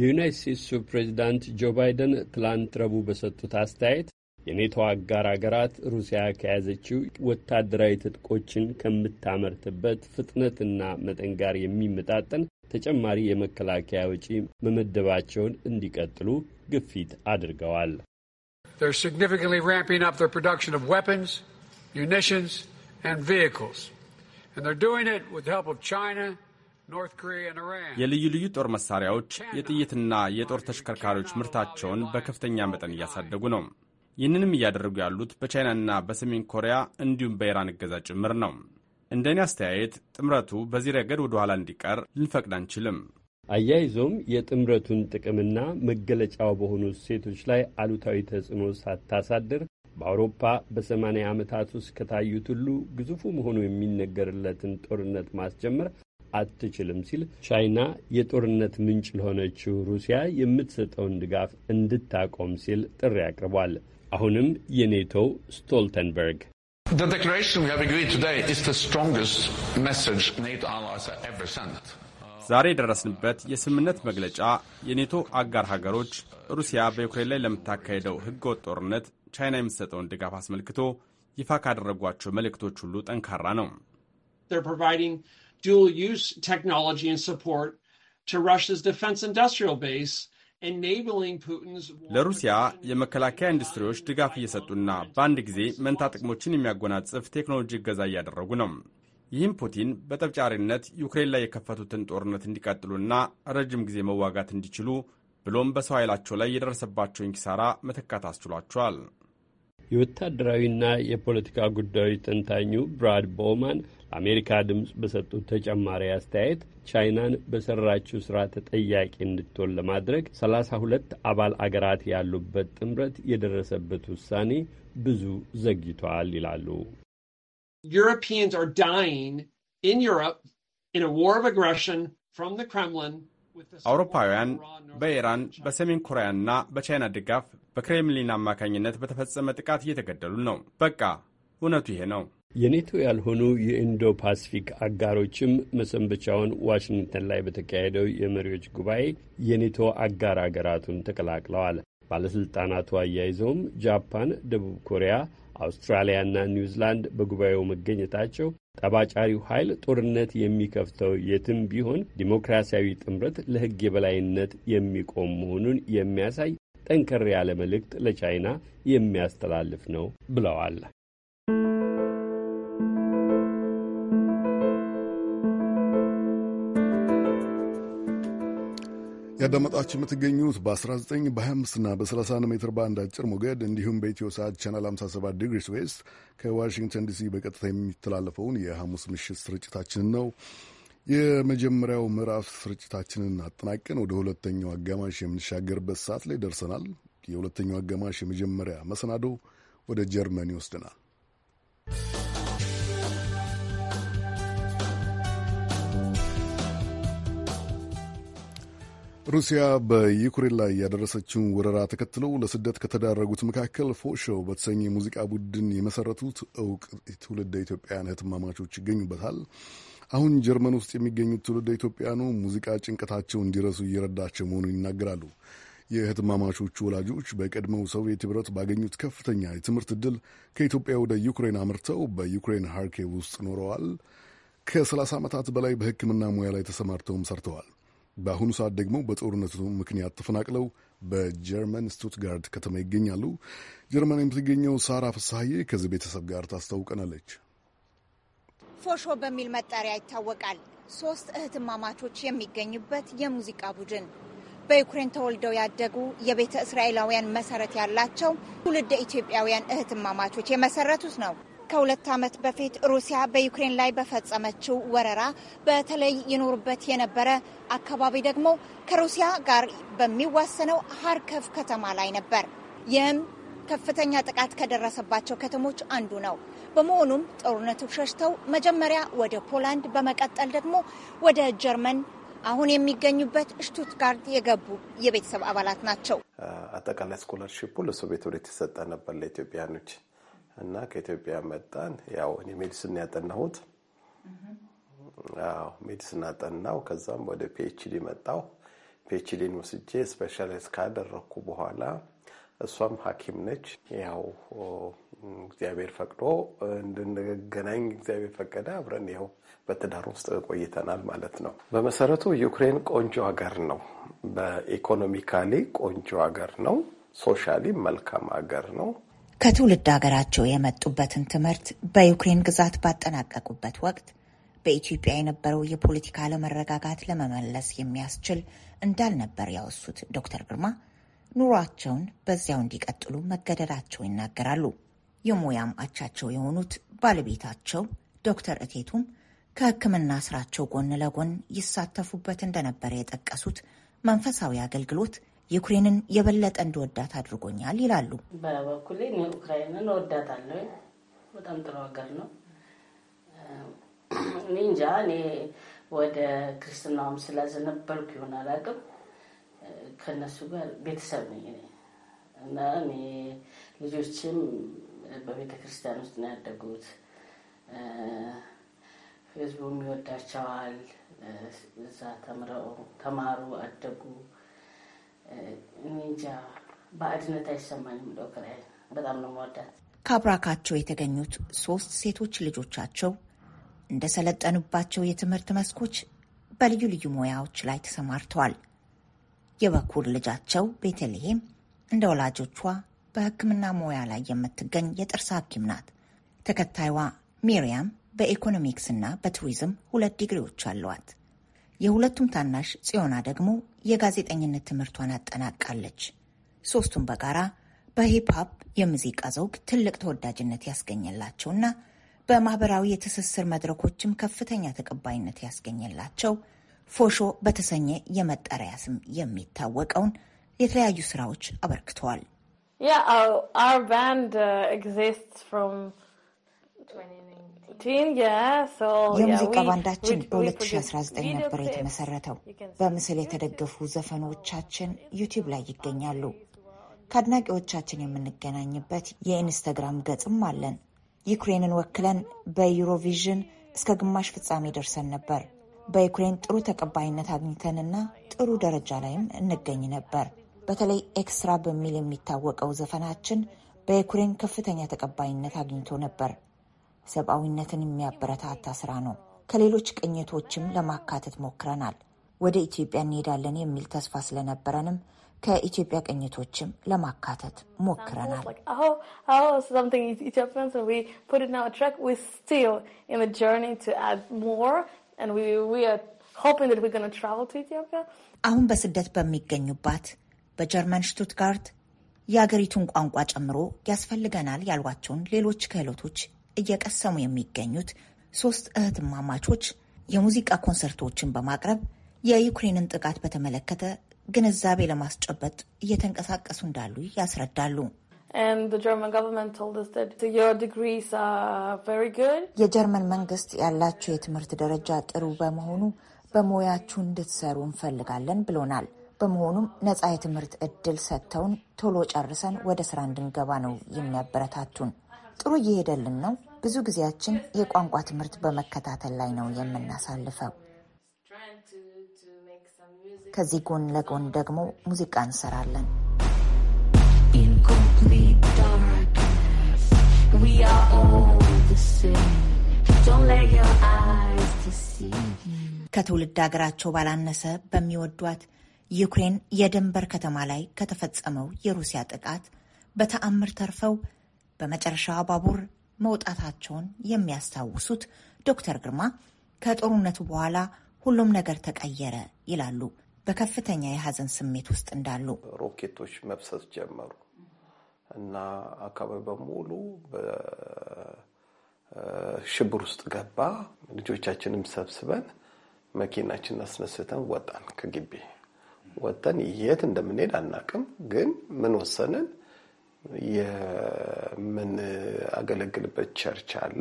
የዩናይት ስቴትሱ ፕሬዚዳንት ጆ ባይደን ትላንት ረቡዕ በሰጡት አስተያየት የኔቶ አጋር አገራት ሩሲያ ከያዘችው ወታደራዊ ትጥቆችን ከምታመርትበት ፍጥነትና መጠን ጋር የሚመጣጠን ተጨማሪ የመከላከያ ወጪ መመደባቸውን እንዲቀጥሉ ግፊት አድርገዋል። የልዩ ልዩ ጦር መሳሪያዎች፣ የጥይትና የጦር ተሽከርካሪዎች ምርታቸውን በከፍተኛ መጠን እያሳደጉ ነው። ይህንንም እያደረጉ ያሉት በቻይናና በሰሜን ኮሪያ እንዲሁም በኢራን እገዛ ጭምር ነው። እንደ እኔ አስተያየት ጥምረቱ በዚህ ረገድ ወደ ኋላ እንዲቀር ልንፈቅድ አንችልም። አያይዞም የጥምረቱን ጥቅምና መገለጫው በሆኑ ሴቶች ላይ አሉታዊ ተጽዕኖ ሳታሳድር በአውሮፓ በሰማንያ ዓመታት ውስጥ ከታዩት ሁሉ ግዙፉ መሆኑ የሚነገርለትን ጦርነት ማስጀመር አትችልም ሲል ቻይና የጦርነት ምንጭ ለሆነችው ሩሲያ የምትሰጠውን ድጋፍ እንድታቆም ሲል ጥሪ አቅርቧል። አሁንም የኔቶው ስቶልተንበርግ ዛሬ የደረስንበት የስምምነት መግለጫ የኔቶ አጋር ሀገሮች ሩሲያ በዩክሬን ላይ ለምታካሄደው ህገወጥ ጦርነት ቻይና የምትሰጠውን ድጋፍ አስመልክቶ ይፋ ካደረጓቸው መልእክቶች ሁሉ ጠንካራ ነው። dual use technology and support to Russia's defense industrial base. ለሩሲያ የመከላከያ ኢንዱስትሪዎች ድጋፍ እየሰጡና በአንድ ጊዜ መንታ ጥቅሞችን የሚያጎናጽፍ ቴክኖሎጂ እገዛ እያደረጉ ነው። ይህም ፑቲን በጠብጫሪነት ዩክሬን ላይ የከፈቱትን ጦርነት እንዲቀጥሉና ረጅም ጊዜ መዋጋት እንዲችሉ ብሎም በሰው ኃይላቸው ላይ የደረሰባቸውን ኪሳራ መተካት አስችሏቸዋል። የወታደራዊና የፖለቲካ ጉዳዮች ተንታኙ ብራድ ቦውማን አሜሪካ ድምፅ በሰጡት ተጨማሪ አስተያየት ቻይናን በሰራችው ስራ ተጠያቂ እንድትሆን ለማድረግ ሰላሳ ሁለት አባል አገራት ያሉበት ጥምረት የደረሰበት ውሳኔ ብዙ ዘግይቷል ይላሉ። አውሮፓውያን በኢራን በሰሜን ኮሪያና በቻይና ድጋፍ በክሬምሊን አማካኝነት በተፈጸመ ጥቃት እየተገደሉ ነው። በቃ እውነቱ ይሄ ነው። የኔቶ ያልሆኑ የኢንዶ ፓሲፊክ አጋሮችም መሰንበቻውን ዋሽንግተን ላይ በተካሄደው የመሪዎች ጉባኤ የኔቶ አጋር አገራቱን ተቀላቅለዋል። ባለሥልጣናቱ አያይዘውም ጃፓን፣ ደቡብ ኮሪያ፣ አውስትራሊያና ኒውዚላንድ በጉባኤው መገኘታቸው ጠባጫሪው ኃይል ጦርነት የሚከፍተው የትም ቢሆን ዲሞክራሲያዊ ጥምረት ለሕግ የበላይነት የሚቆም መሆኑን የሚያሳይ ጠንከር ያለ መልእክት ለቻይና የሚያስተላልፍ ነው ብለዋል። ያዳመጣችሁ የምትገኙት በ19 በ25ና በ31 ሜትር ባንድ አጭር ሞገድ እንዲሁም በኢትዮ ሰዓት ቻናል 57 ዲግሪስ ዌስት ከዋሽንግተን ዲሲ በቀጥታ የሚተላለፈውን የሐሙስ ምሽት ስርጭታችንን ነው። የመጀመሪያው ምዕራፍ ስርጭታችንን አጠናቀን ወደ ሁለተኛው አጋማሽ የምንሻገርበት ሰዓት ላይ ደርሰናል። የሁለተኛው አጋማሽ የመጀመሪያ መሰናዶ ወደ ጀርመን ይወስደናል። ሩሲያ በዩክሬን ላይ ያደረሰችውን ወረራ ተከትሎ ለስደት ከተዳረጉት መካከል ፎሾ በተሰኘ የሙዚቃ ቡድን የመሰረቱት እውቅ ትውልደ ኢትዮጵያን ህትማማቾች ይገኙበታል። አሁን ጀርመን ውስጥ የሚገኙት ትውልደ ኢትዮጵያኑ ሙዚቃ ጭንቀታቸው እንዲረሱ እየረዳቸው መሆኑን ይናገራሉ። የህትማማቾቹ ወላጆች በቀድሞው ሶቪየት ህብረት ባገኙት ከፍተኛ የትምህርት እድል ከኢትዮጵያ ወደ ዩክሬን አምርተው በዩክሬን ሃርኬቭ ውስጥ ኖረዋል። ከ30 ዓመታት በላይ በሕክምና ሙያ ላይ ተሰማርተውም ሰርተዋል። በአሁኑ ሰዓት ደግሞ በጦርነቱ ምክንያት ተፈናቅለው በጀርመን ስቱትጋርድ ከተማ ይገኛሉ። ጀርመን የምትገኘው ሳራ ፍሳሐዬ ከዚህ ቤተሰብ ጋር ታስታውቀናለች። ፎሾ በሚል መጠሪያ ይታወቃል። ሶስት እህትማማቾች የሚገኙበት የሙዚቃ ቡድን በዩክሬን ተወልደው ያደጉ የቤተ እስራኤላውያን መሰረት ያላቸው ትውልደ ኢትዮጵያውያን እህትማማቾች የመሰረቱት ነው። ከሁለት ዓመት በፊት ሩሲያ በዩክሬን ላይ በፈጸመችው ወረራ በተለይ ይኖሩበት የነበረ አካባቢ ደግሞ ከሩሲያ ጋር በሚዋሰነው ሀርከፍ ከተማ ላይ ነበር። ይህም ከፍተኛ ጥቃት ከደረሰባቸው ከተሞች አንዱ ነው። በመሆኑም ጦርነቱ ሸሽተው መጀመሪያ ወደ ፖላንድ በመቀጠል ደግሞ ወደ ጀርመን አሁን የሚገኙበት ሽቱትጋርድ የገቡ የቤተሰብ አባላት ናቸው። አጠቃላይ ስኮላርሽፑ ለሶቪየት ህብረት የተሰጠ ነበር ለኢትዮጵያኖች። እና ከኢትዮጵያ መጣን። ያው እኔ ሜዲስን ያጠናሁት ሜዲስን አጠናው። ከዛም ወደ ፒኤችዲ መጣው። ፒኤችዲን ወስጄ ስፔሻላይዝ ካደረግኩ በኋላ እሷም ሐኪም ነች። ያው እግዚአብሔር ፈቅዶ እንድንገናኝ እግዚአብሔር ፈቀደ። አብረን ያው በትዳር ውስጥ ቆይተናል ማለት ነው። በመሰረቱ ዩክሬን ቆንጆ ሀገር ነው። በኢኮኖሚካሊ ቆንጆ ሀገር ነው። ሶሻሊ መልካም ሀገር ነው። ከትውልድ ሀገራቸው የመጡበትን ትምህርት በዩክሬን ግዛት ባጠናቀቁበት ወቅት በኢትዮጵያ የነበረው የፖለቲካ አለመረጋጋት ለመመለስ የሚያስችል እንዳልነበር ያወሱት ዶክተር ግርማ ኑሯቸውን በዚያው እንዲቀጥሉ መገደዳቸው ይናገራሉ። የሙያም አቻቸው የሆኑት ባለቤታቸው ዶክተር እቴቱም ከሕክምና ስራቸው ጎን ለጎን ይሳተፉበት እንደነበረ የጠቀሱት መንፈሳዊ አገልግሎት ዩክሬንን የበለጠ እንድወዳት አድርጎኛል ይላሉ። በበኩሌ ዩክራይንን እወዳታለሁ። በጣም ጥሩ ሀገር ነው። እኔ እንጃ እኔ ወደ ክርስትናውም ስላዘነበልኩ ይሆን አላውቅም። ከእነሱ ጋር ቤተሰብ ነኝ እና እኔ ልጆችም በቤተ ክርስቲያን ውስጥ ነው ያደጉት። ህዝቡም ይወዳቸዋል። እዛ ተምረው ተማሩ አደጉ። እንጃ ባዕድነት አይሰማኝም። ዶክራይ በጣም ነው መወዳት። ከአብራካቸው የተገኙት ሶስት ሴቶች ልጆቻቸው እንደሰለጠኑባቸው የትምህርት መስኮች በልዩ ልዩ ሙያዎች ላይ ተሰማርተዋል። የበኩር ልጃቸው ቤተልሔም እንደ ወላጆቿ በሕክምና ሙያ ላይ የምትገኝ የጥርስ ሐኪም ናት። ተከታይዋ ሚሪያም በኢኮኖሚክስ እና በቱሪዝም ሁለት ዲግሪዎች አለዋት። የሁለቱም ታናሽ ጽዮና ደግሞ የጋዜጠኝነት ትምህርቷን አጠናቃለች። ሶስቱም በጋራ በሂፕሀፕ የሙዚቃ ዘውግ ትልቅ ተወዳጅነት ያስገኘላቸውና በማህበራዊ የትስስር መድረኮችም ከፍተኛ ተቀባይነት ያስገኘላቸው ፎሾ በተሰኘ የመጠሪያ ስም የሚታወቀውን የተለያዩ ስራዎች አበርክተዋል። uh, የሙዚቃ ባንዳችን በ2019 ነበር የተመሰረተው። በምስል የተደገፉ ዘፈኖቻችን ዩቲዩብ ላይ ይገኛሉ። ከአድናቂዎቻችን የምንገናኝበት የኢንስተግራም ገጽም አለን። ዩክሬንን ወክለን በዩሮቪዥን እስከ ግማሽ ፍጻሜ ደርሰን ነበር። በዩክሬን ጥሩ ተቀባይነት አግኝተንና ጥሩ ደረጃ ላይም እንገኝ ነበር። በተለይ ኤክስትራ በሚል የሚታወቀው ዘፈናችን በዩክሬን ከፍተኛ ተቀባይነት አግኝቶ ነበር። ሰብአዊነትን የሚያበረታታ ስራ ነው። ከሌሎች ቅኝቶችም ለማካተት ሞክረናል። ወደ ኢትዮጵያ እንሄዳለን የሚል ተስፋ ስለነበረንም ከኢትዮጵያ ቅኝቶችም ለማካተት ሞክረናል። አሁን በስደት በሚገኙባት በጀርመን ሽቱትጋርት የአገሪቱን ቋንቋ ጨምሮ ያስፈልገናል ያሏቸውን ሌሎች ክህሎቶች እየቀሰሙ የሚገኙት ሶስት እህትማማቾች የሙዚቃ ኮንሰርቶችን በማቅረብ የዩክሬንን ጥቃት በተመለከተ ግንዛቤ ለማስጨበጥ እየተንቀሳቀሱ እንዳሉ ያስረዳሉ። የጀርመን መንግስት ያላችሁ የትምህርት ደረጃ ጥሩ በመሆኑ በሙያችሁ እንድትሰሩ እንፈልጋለን ብሎናል። በመሆኑም ነፃ የትምህርት እድል ሰጥተውን ቶሎ ጨርሰን ወደ ስራ እንድንገባ ነው የሚያበረታቱን። ጥሩ እየሄደልን ነው። ብዙ ጊዜያችን የቋንቋ ትምህርት በመከታተል ላይ ነው የምናሳልፈው። ከዚህ ጎን ለጎን ደግሞ ሙዚቃ እንሰራለን። ከትውልድ ሀገራቸው ባላነሰ በሚወዷት ዩክሬን የድንበር ከተማ ላይ ከተፈጸመው የሩሲያ ጥቃት በተአምር ተርፈው በመጨረሻ ባቡር መውጣታቸውን የሚያስታውሱት ዶክተር ግርማ ከጦርነቱ በኋላ ሁሉም ነገር ተቀየረ ይላሉ። በከፍተኛ የሀዘን ስሜት ውስጥ እንዳሉ ሮኬቶች መብሰስ ጀመሩ እና አካባቢ በሙሉ በሽብር ውስጥ ገባ። ልጆቻችንም ሰብስበን መኪናችን አስነስተን ወጣን። ከግቢ ወጥተን የት እንደምንሄድ አናቅም፣ ግን ምን ወሰንን? የምንአገለግልበት ቸርች አለ።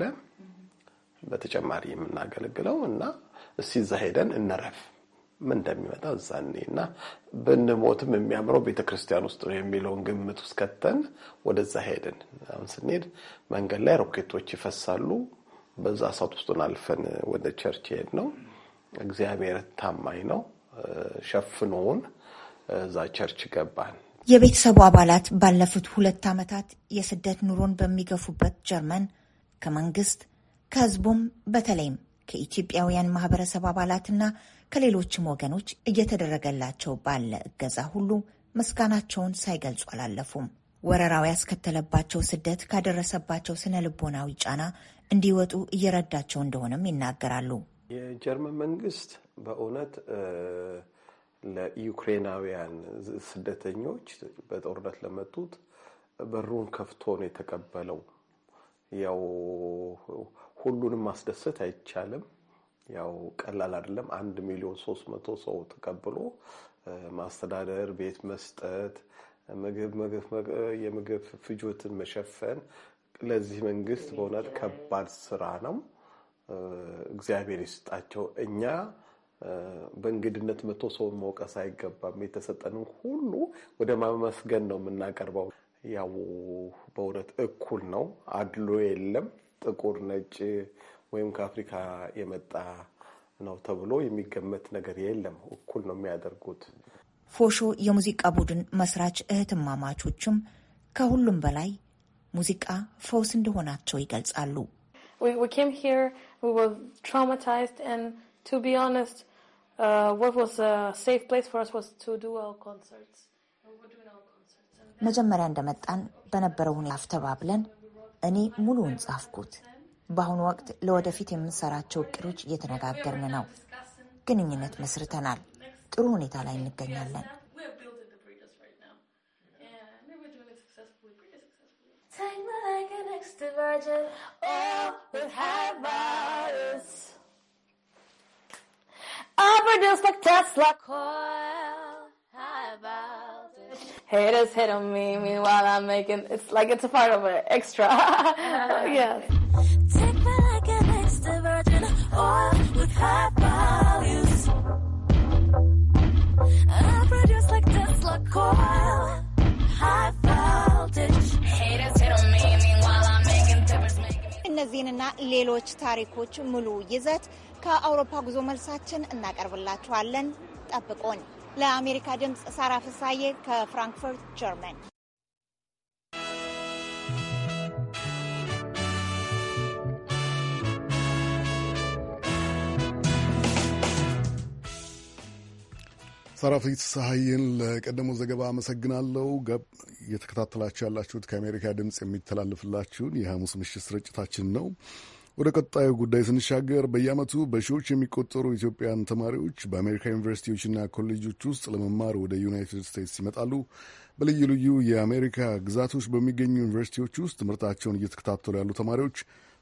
በተጨማሪ የምናገለግለው እና እስቲ እዛ ሄደን እንረፍ ምን እንደሚመጣ እዛ እኔ እና ብንሞትም የሚያምረው ቤተክርስቲያን ውስጥ ነው የሚለውን ግምት ውስጥ ከተን ወደዛ ሄደን አሁን ስንሄድ መንገድ ላይ ሮኬቶች ይፈሳሉ። በዛ እሳት ውስጡን አልፈን ወደ ቸርች ሄድ ነው። እግዚአብሔር ታማኝ ነው። ሸፍኖውን እዛ ቸርች ገባን። የቤተሰቡ አባላት ባለፉት ሁለት ዓመታት የስደት ኑሮን በሚገፉበት ጀርመን ከመንግስት ከህዝቡም በተለይም ከኢትዮጵያውያን ማህበረሰብ አባላትና ከሌሎችም ወገኖች እየተደረገላቸው ባለ እገዛ ሁሉ ምስጋናቸውን ሳይገልጹ አላለፉም። ወረራው ያስከተለባቸው ስደት ካደረሰባቸው ስነ ልቦናዊ ጫና እንዲወጡ እየረዳቸው እንደሆነም ይናገራሉ። የጀርመን መንግስት በእውነት ለዩክሬናውያን ስደተኞች በጦርነት ለመጡት በሩን ከፍቶ ነው የተቀበለው። ያው ሁሉንም ማስደሰት አይቻልም። ያው ቀላል አይደለም። አንድ ሚሊዮን ሶስት መቶ ሰው ተቀብሎ ማስተዳደር፣ ቤት መስጠት፣ የምግብ ፍጆትን መሸፈን ለዚህ መንግስት በእውነት ከባድ ስራ ነው። እግዚአብሔር ይስጣቸው እኛ በእንግድነት መቶ ሰውን መውቀስ አይገባም። የተሰጠን ሁሉ ወደ ማመስገን ነው የምናቀርበው። ያው በእውነት እኩል ነው፣ አድሎ የለም። ጥቁር ነጭ፣ ወይም ከአፍሪካ የመጣ ነው ተብሎ የሚገመት ነገር የለም። እኩል ነው የሚያደርጉት። ፎሾ የሙዚቃ ቡድን መስራች እህትማማቾችም ከሁሉም በላይ ሙዚቃ ፈውስ እንደሆናቸው ይገልጻሉ። መጀመሪያ እንደመጣን በነበረው ሁኔታ አፍተባብለን እኔ ሙሉውን ጻፍኩት። በአሁኑ ወቅት ለወደፊት የምንሰራቸው እቅዶች እየተነጋገርን ነው። ግንኙነት መስርተናል። ጥሩ ሁኔታ ላይ እንገኛለን። Ever just like Tesla coil. How about Haters hit on me, meanwhile I'm making it's like it's a part of it. Extra. [laughs] yes. Take me like an extra virgin oil with high values. I produce like Tesla coil. High እነዚህንና ሌሎች ታሪኮች ሙሉ ይዘት ከአውሮፓ ጉዞ መልሳችን እናቀርብላችኋለን። ጠብቆን። ለአሜሪካ ድምፅ ሳራ ፍሳዬ ከፍራንክፈርት ጀርመን። ሰራፊት ሳሀይን ለቀደመው ዘገባ አመሰግናለሁ። እየተከታተላችሁ ያላችሁት ከአሜሪካ ድምፅ የሚተላለፍላችሁን የሐሙስ ምሽት ስርጭታችን ነው። ወደ ቀጣዩ ጉዳይ ስንሻገር በየዓመቱ በሺዎች የሚቆጠሩ ኢትዮጵያን ተማሪዎች በአሜሪካ ዩኒቨርሲቲዎችና ኮሌጆች ውስጥ ለመማር ወደ ዩናይትድ ስቴትስ ይመጣሉ። በልዩ ልዩ የአሜሪካ ግዛቶች በሚገኙ ዩኒቨርሲቲዎች ውስጥ ትምህርታቸውን እየተከታተሉ ያሉ ተማሪዎች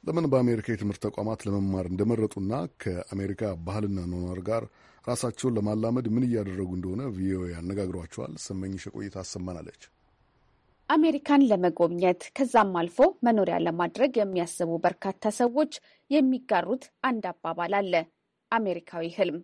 ለምን በአሜሪካ የትምህርት ተቋማት ለመማር እንደመረጡና ከአሜሪካ ባህልና ኗኗር ጋር ራሳቸውን ለማላመድ ምን እያደረጉ እንደሆነ ቪኦኤ ያነጋግሯቸዋል። ስመኝሽ ቆይታ አሰማናለች። አሜሪካን ለመጎብኘት ከዛም አልፎ መኖሪያ ለማድረግ የሚያስቡ በርካታ ሰዎች የሚጋሩት አንድ አባባል አለ፣ አሜሪካዊ ህልም።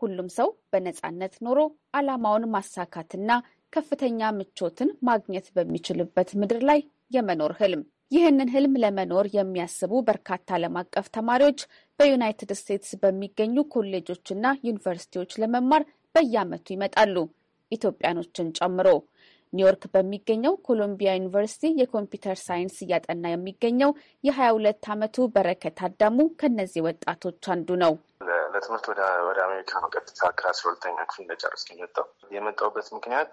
ሁሉም ሰው በነፃነት ኖሮ ዓላማውን ማሳካትና ከፍተኛ ምቾትን ማግኘት በሚችልበት ምድር ላይ የመኖር ህልም። ይህንን ህልም ለመኖር የሚያስቡ በርካታ ዓለም አቀፍ ተማሪዎች በዩናይትድ ስቴትስ በሚገኙ ኮሌጆችና ዩኒቨርሲቲዎች ለመማር በየዓመቱ ይመጣሉ ኢትዮጵያኖችን ጨምሮ። ኒውዮርክ በሚገኘው ኮሎምቢያ ዩኒቨርሲቲ የኮምፒውተር ሳይንስ እያጠና የሚገኘው የሀያ ሁለት ዓመቱ በረከት አዳሙ ከነዚህ ወጣቶች አንዱ ነው። ለትምህርት ወደ አሜሪካ በቀጥታ ከአስራ ሁለተኛ ክፍል እንደጨረስኩ የመጣው የመጣውበት ምክንያት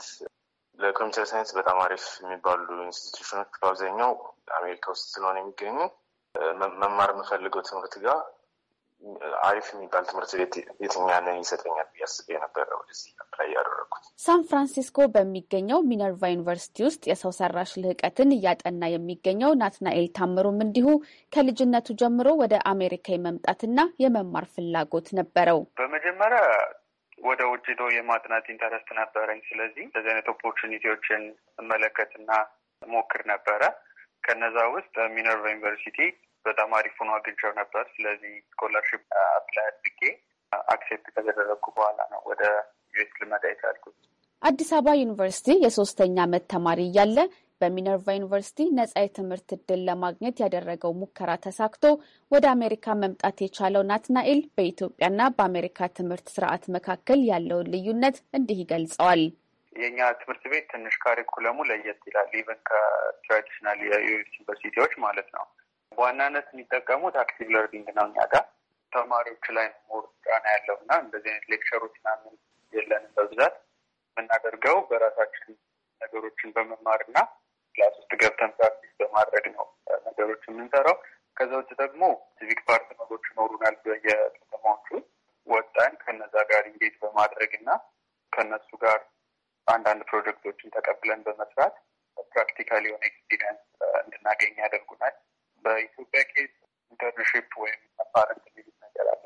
ለኮምፒውተር ሳይንስ በጣም አሪፍ የሚባሉ ኢንስቲትዩሽኖች በአብዛኛው አሜሪካ ውስጥ ስለሆነ የሚገኙ መማር የምፈልገው ትምህርት ጋር አሪፍ የሚባል ትምህርት ቤት የትኛን ይሰጠኛል ብዬ አስቤ ነበር ወደዚህ አፕላይ ያደረኩት። ሳን ፍራንሲስኮ በሚገኘው ሚነርቫ ዩኒቨርሲቲ ውስጥ የሰው ሰራሽ ልህቀትን እያጠና የሚገኘው ናትናኤል ታምሩም እንዲሁ ከልጅነቱ ጀምሮ ወደ አሜሪካ የመምጣትና የመማር ፍላጎት ነበረው። በመጀመሪያ ወደ ውጭ ሄዶ የማጥናት ኢንተረስት ነበረኝ። ስለዚህ እንደዚህ አይነት ኦፖርቹኒቲዎችን እመለከትና ሞክር ነበረ። ከነዛ ውስጥ ሚነርቫ ዩኒቨርሲቲ በጣም አሪፍ ሆኖ አግኝቼው ነበር። ስለዚህ ስኮላርሽፕ አፕላይ uh, አድርጌ አክሴፕት uh, ከተደረግኩ በኋላ ነው ወደ ዩኤስ ልመጣ የቻልኩት። አዲስ አበባ ዩኒቨርሲቲ የሶስተኛ ዓመት ተማሪ እያለ በሚነርቫ ዩኒቨርሲቲ ነጻ የትምህርት እድል ለማግኘት ያደረገው ሙከራ ተሳክቶ ወደ አሜሪካ መምጣት የቻለው ናትናኤል በኢትዮጵያና በአሜሪካ ትምህርት ስርዓት መካከል ያለውን ልዩነት እንዲህ ይገልጸዋል። የእኛ ትምህርት ቤት ትንሽ ካሪኩለሙ ለየት ይላል። ኢቨን ከትራዲሽናል የዩኒቨርሲቲዎች ማለት ነው። በዋናነት የሚጠቀሙት አክቲቭ ለርኒንግ ነው። እኛ ጋር ተማሪዎች ላይ ሞር ጫና ያለው እና እንደዚህ አይነት ሌክቸሮች ምናምን የለንም። በብዛት የምናደርገው በራሳችን ነገሮችን በመማር እና ክላስ ውስጥ ገብተን ፕራክቲስ በማድረግ ነው ነገሮች የምንሰራው። ከዛ ውጭ ደግሞ ሲቪክ ፓርትነሮች ይኖሩናል በየከተማዎቹ ወጣን ከነዛ ጋር እንዴት በማድረግ እና ከነሱ ጋር አንዳንድ ፕሮጀክቶችን ተቀብለን በመስራት ፕራክቲካል የሆነ ኤክስፒሪንስ እንድናገኝ ያደርጉናል። በኢትዮጵያ ኬዝ ኢንተርንሽፕ ወይም አፓረንት የሚሉት ነገር አለ።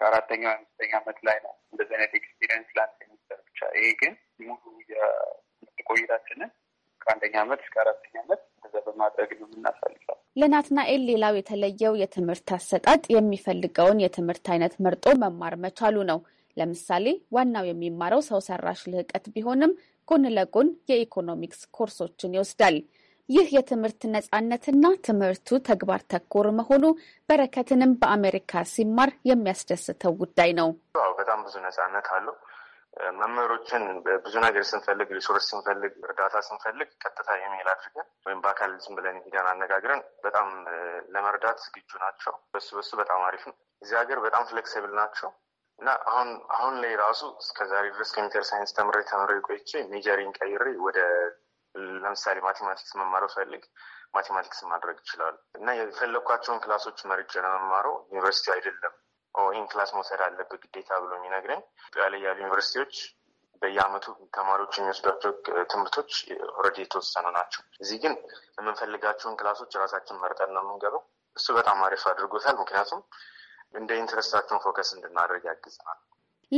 ከአራተኛው አምስተኛ ዓመት ላይ ነው እንደዚህ አይነት ኤክስፒሪየንስ ለአንድ ሴሚስተር ብቻ። ይሄ ግን ሙሉ የምት ቆይታችንን ከአንደኛ ዓመት እስከ አራተኛ ዓመት እንደዛ በማድረግ ነው የምናሳልፈው። ለናትናኤል ሌላው የተለየው የትምህርት አሰጣጥ የሚፈልገውን የትምህርት አይነት መርጦ መማር መቻሉ ነው። ለምሳሌ ዋናው የሚማረው ሰው ሰራሽ ልህቀት ቢሆንም ጎን ለጎን የኢኮኖሚክስ ኮርሶችን ይወስዳል። ይህ የትምህርት ነጻነትና ትምህርቱ ተግባር ተኮር መሆኑ በረከትንም በአሜሪካ ሲማር የሚያስደስተው ጉዳይ ነው። በጣም ብዙ ነጻነት አለው። መምህሮችን ብዙ ነገር ስንፈልግ፣ ሪሶርስ ስንፈልግ፣ እርዳታ ስንፈልግ ቀጥታ ኢሜል አድርገን ወይም በአካል ዝም ብለን ሄደን አነጋግረን በጣም ለመርዳት ዝግጁ ናቸው። በሱ በሱ በጣም አሪፍ ነው። እዚህ ሀገር በጣም ፍሌክሲብል ናቸው እና አሁን አሁን ላይ ራሱ እስከዛሬ ድረስ ኮምፒውተር ሳይንስ ተምሬ ተምሬ ቆይቼ ሜጀሪን ቀይሬ ወደ ለምሳሌ ማቴማቲክስ መማረው ፈልግ ማቴማቲክስ ማድረግ ይችላሉ። እና የፈለግኳቸውን ክላሶች መርጬ ለመማረው ዩኒቨርሲቲ አይደለም ይህን ክላስ መውሰድ አለብህ ግዴታ ብሎ የሚነግረኝ ኢትዮጵያ ላይ ያሉ ዩኒቨርሲቲዎች በየአመቱ ተማሪዎች የሚወስዷቸው ትምህርቶች ኦልሬዲ የተወሰኑ ናቸው። እዚህ ግን የምንፈልጋቸውን ክላሶች ራሳችን መርጠን ነው የምንገባው። እሱ በጣም አሪፍ አድርጎታል። ምክንያቱም እንደ ኢንትረስታቸውን ፎከስ እንድናደርግ ያግዘናል።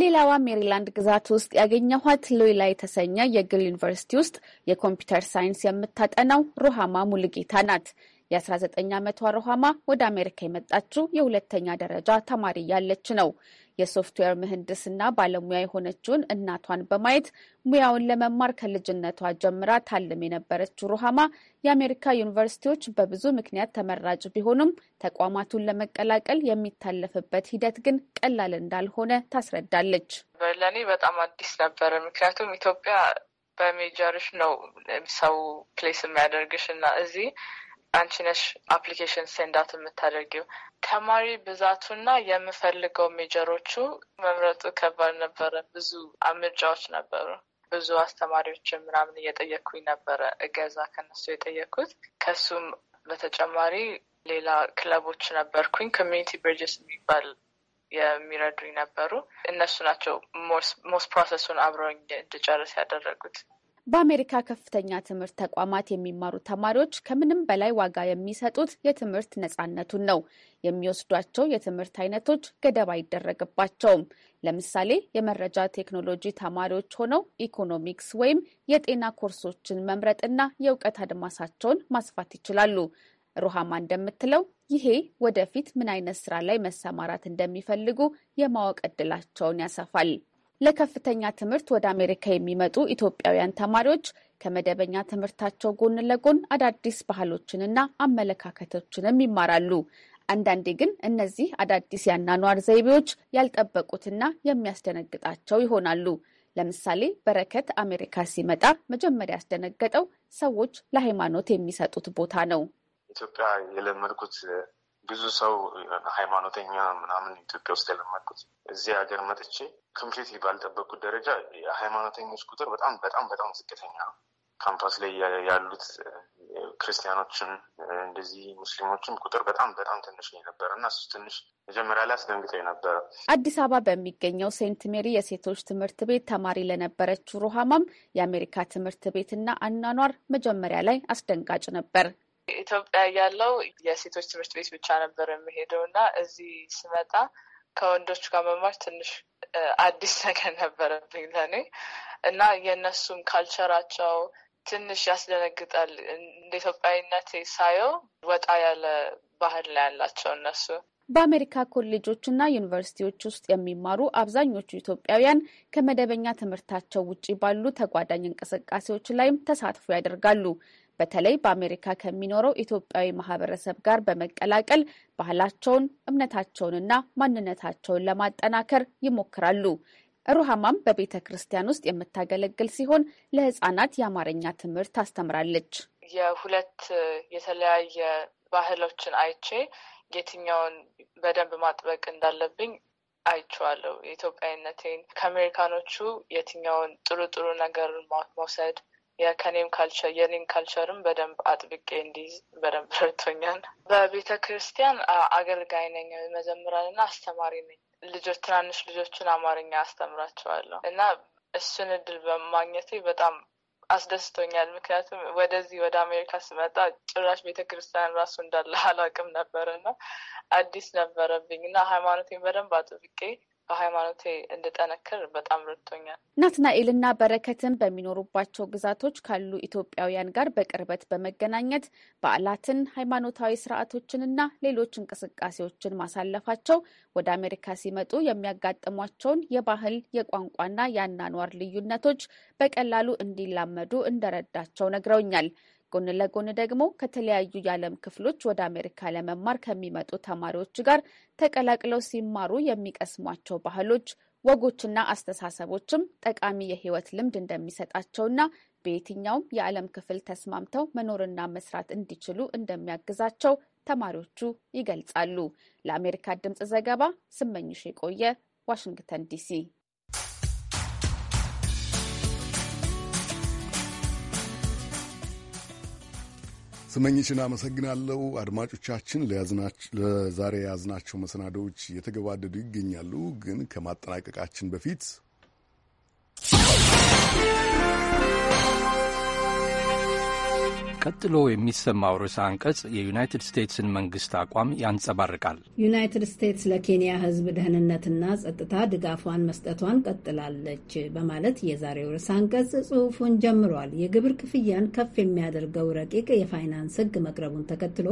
ሌላዋ ሜሪላንድ ግዛት ውስጥ ያገኘኋት ሎይላ የተሰኘ የግል ዩኒቨርሲቲ ውስጥ የኮምፒውተር ሳይንስ የምታጠናው ሮሃማ ሙሉጌታ ናት። የ19 ዓመቷ ሮሃማ ወደ አሜሪካ የመጣችው የሁለተኛ ደረጃ ተማሪ ያለች ነው። የሶፍትዌር ምህንድስና ባለሙያ የሆነችውን እናቷን በማየት ሙያውን ለመማር ከልጅነቷ ጀምራ ታልም የነበረችው ሩሃማ የአሜሪካ ዩኒቨርሲቲዎች በብዙ ምክንያት ተመራጭ ቢሆኑም ተቋማቱን ለመቀላቀል የሚታለፍበት ሂደት ግን ቀላል እንዳልሆነ ታስረዳለች። ለእኔ በጣም አዲስ ነበረ፣ ምክንያቱም ኢትዮጵያ በሜጀርሽ ነው ሰው ፕሌስ የሚያደርግሽ እና እዚህ አንቺነሽ አፕሊኬሽን ሴንዳት የምታደርጊው። ተማሪ ብዛቱና የምፈልገው ሜጀሮቹ መምረጡ ከባድ ነበረ። ብዙ ምርጫዎች ነበሩ። ብዙ አስተማሪዎች ምናምን እየጠየቅኩኝ ነበረ እገዛ ከነሱ የጠየኩት። ከሱም በተጨማሪ ሌላ ክለቦች ነበርኩኝ። ኮሚኒቲ ብሪጅስ የሚባል የሚረዱኝ ነበሩ። እነሱ ናቸው ሞስ ፕሮሰሱን አብረውኝ እንድጨርስ ያደረጉት። በአሜሪካ ከፍተኛ ትምህርት ተቋማት የሚማሩ ተማሪዎች ከምንም በላይ ዋጋ የሚሰጡት የትምህርት ነፃነቱን ነው። የሚወስዷቸው የትምህርት አይነቶች ገደብ አይደረግባቸውም። ለምሳሌ የመረጃ ቴክኖሎጂ ተማሪዎች ሆነው ኢኮኖሚክስ ወይም የጤና ኮርሶችን መምረጥና የእውቀት አድማሳቸውን ማስፋት ይችላሉ። ሩሃማ እንደምትለው ይሄ ወደፊት ምን አይነት ስራ ላይ መሰማራት እንደሚፈልጉ የማወቅ እድላቸውን ያሰፋል። ለከፍተኛ ትምህርት ወደ አሜሪካ የሚመጡ ኢትዮጵያውያን ተማሪዎች ከመደበኛ ትምህርታቸው ጎን ለጎን አዳዲስ ባህሎችንና አመለካከቶችንም ይማራሉ። አንዳንዴ ግን እነዚህ አዳዲስ የአኗኗር ዘይቤዎች ያልጠበቁትና የሚያስደነግጣቸው ይሆናሉ። ለምሳሌ በረከት አሜሪካ ሲመጣ መጀመሪያ ያስደነገጠው ሰዎች ለሃይማኖት የሚሰጡት ቦታ ነው። ኢትዮጵያ የለመድኩት ብዙ ሰው ሃይማኖተኛ ምናምን ኢትዮጵያ ውስጥ የለመድኩት እዚህ ሀገር መጥቼ ክምፕሊት ባልጠበቅኩት ደረጃ የሃይማኖተኞች ቁጥር በጣም በጣም በጣም ዝቅተኛ ነው። ካምፓስ ላይ ያሉት ክርስቲያኖችም እንደዚህ ሙስሊሞችም ቁጥር በጣም በጣም ትንሽ የነበረ እና እሱ ትንሽ መጀመሪያ ላይ አስደንግጦ የነበረ። አዲስ አበባ በሚገኘው ሴንት ሜሪ የሴቶች ትምህርት ቤት ተማሪ ለነበረችው ሩሃማም የአሜሪካ ትምህርት ቤትና አኗኗር መጀመሪያ ላይ አስደንጋጭ ነበር። ኢትዮጵያ ያለው የሴቶች ትምህርት ቤት ብቻ ነበር የሚሄደው እና እዚህ ስመጣ ከወንዶች ጋር መማር ትንሽ አዲስ ነገር ነበረብኝ ለእኔ እና የእነሱም ካልቸራቸው ትንሽ ያስደነግጣል። እንደ ኢትዮጵያዊነት ሳየው ወጣ ያለ ባህል ላይ ያላቸው እነሱ በአሜሪካ ኮሌጆችና ዩኒቨርሲቲዎች ውስጥ የሚማሩ አብዛኞቹ ኢትዮጵያውያን ከመደበኛ ትምህርታቸው ውጪ ባሉ ተጓዳኝ እንቅስቃሴዎች ላይም ተሳትፎ ያደርጋሉ። በተለይ በአሜሪካ ከሚኖረው ኢትዮጵያዊ ማህበረሰብ ጋር በመቀላቀል ባህላቸውን፣ እምነታቸውንና ማንነታቸውን ለማጠናከር ይሞክራሉ። ሩሃማም በቤተ ክርስቲያን ውስጥ የምታገለግል ሲሆን ለህጻናት የአማርኛ ትምህርት ታስተምራለች። የሁለት የተለያየ ባህሎችን አይቼ የትኛውን በደንብ ማጥበቅ እንዳለብኝ አይቼዋለሁ። የኢትዮጵያዊነቴን ከአሜሪካኖቹ የትኛውን ጥሩ ጥሩ ነገር መውሰድ የከኔም ካልቸር የኔም ካልቸርም በደንብ አጥብቄ እንዲይዝ በደንብ ረድቶኛል። በቤተ ክርስቲያን አገልጋይ ነኝ፣ መዘምራንና አስተማሪ ነኝ። ልጆች ትናንሽ ልጆችን አማርኛ አስተምራቸዋለሁ እና እሱን እድል በማግኘቴ በጣም አስደስቶኛል። ምክንያቱም ወደዚህ ወደ አሜሪካ ስመጣ ጭራሽ ቤተ ክርስቲያን ራሱ እንዳለ አላውቅም ነበርና አዲስ ነበረብኝ እና ሃይማኖቴን በደንብ አጥብቄ በሃይማኖቴ እንድጠነክር በጣም ረድቶኛል። ናትናኤልና በረከትን በሚኖሩባቸው ግዛቶች ካሉ ኢትዮጵያውያን ጋር በቅርበት በመገናኘት በዓላትን፣ ሃይማኖታዊ ስርዓቶችንና ሌሎች እንቅስቃሴዎችን ማሳለፋቸው ወደ አሜሪካ ሲመጡ የሚያጋጥሟቸውን የባህል የቋንቋና የአናኗር ልዩነቶች በቀላሉ እንዲላመዱ እንደረዳቸው ነግረውኛል። ጎን ለጎን ደግሞ ከተለያዩ የዓለም ክፍሎች ወደ አሜሪካ ለመማር ከሚመጡ ተማሪዎች ጋር ተቀላቅለው ሲማሩ የሚቀስሟቸው ባህሎች፣ ወጎችና አስተሳሰቦችም ጠቃሚ የህይወት ልምድ እንደሚሰጣቸውና በየትኛውም የዓለም ክፍል ተስማምተው መኖርና መስራት እንዲችሉ እንደሚያግዛቸው ተማሪዎቹ ይገልጻሉ። ለአሜሪካ ድምፅ ዘገባ ስመኝሽ የቆየ ዋሽንግተን ዲሲ። ስመኝችን አመሰግናለሁ። አድማጮቻችን ለዛሬ የያዝናቸው መሰናዶዎች እየተገባደዱ ይገኛሉ። ግን ከማጠናቀቃችን በፊት ቀጥሎ የሚሰማው ርዕሰ አንቀጽ የዩናይትድ ስቴትስን መንግስት አቋም ያንጸባርቃል። ዩናይትድ ስቴትስ ለኬንያ ሕዝብ ደህንነትና ጸጥታ ድጋፏን መስጠቷን ቀጥላለች በማለት የዛሬው ርዕሰ አንቀጽ ጽሑፉን ጀምሯል። የግብር ክፍያን ከፍ የሚያደርገው ረቂቅ የፋይናንስ ሕግ መቅረቡን ተከትሎ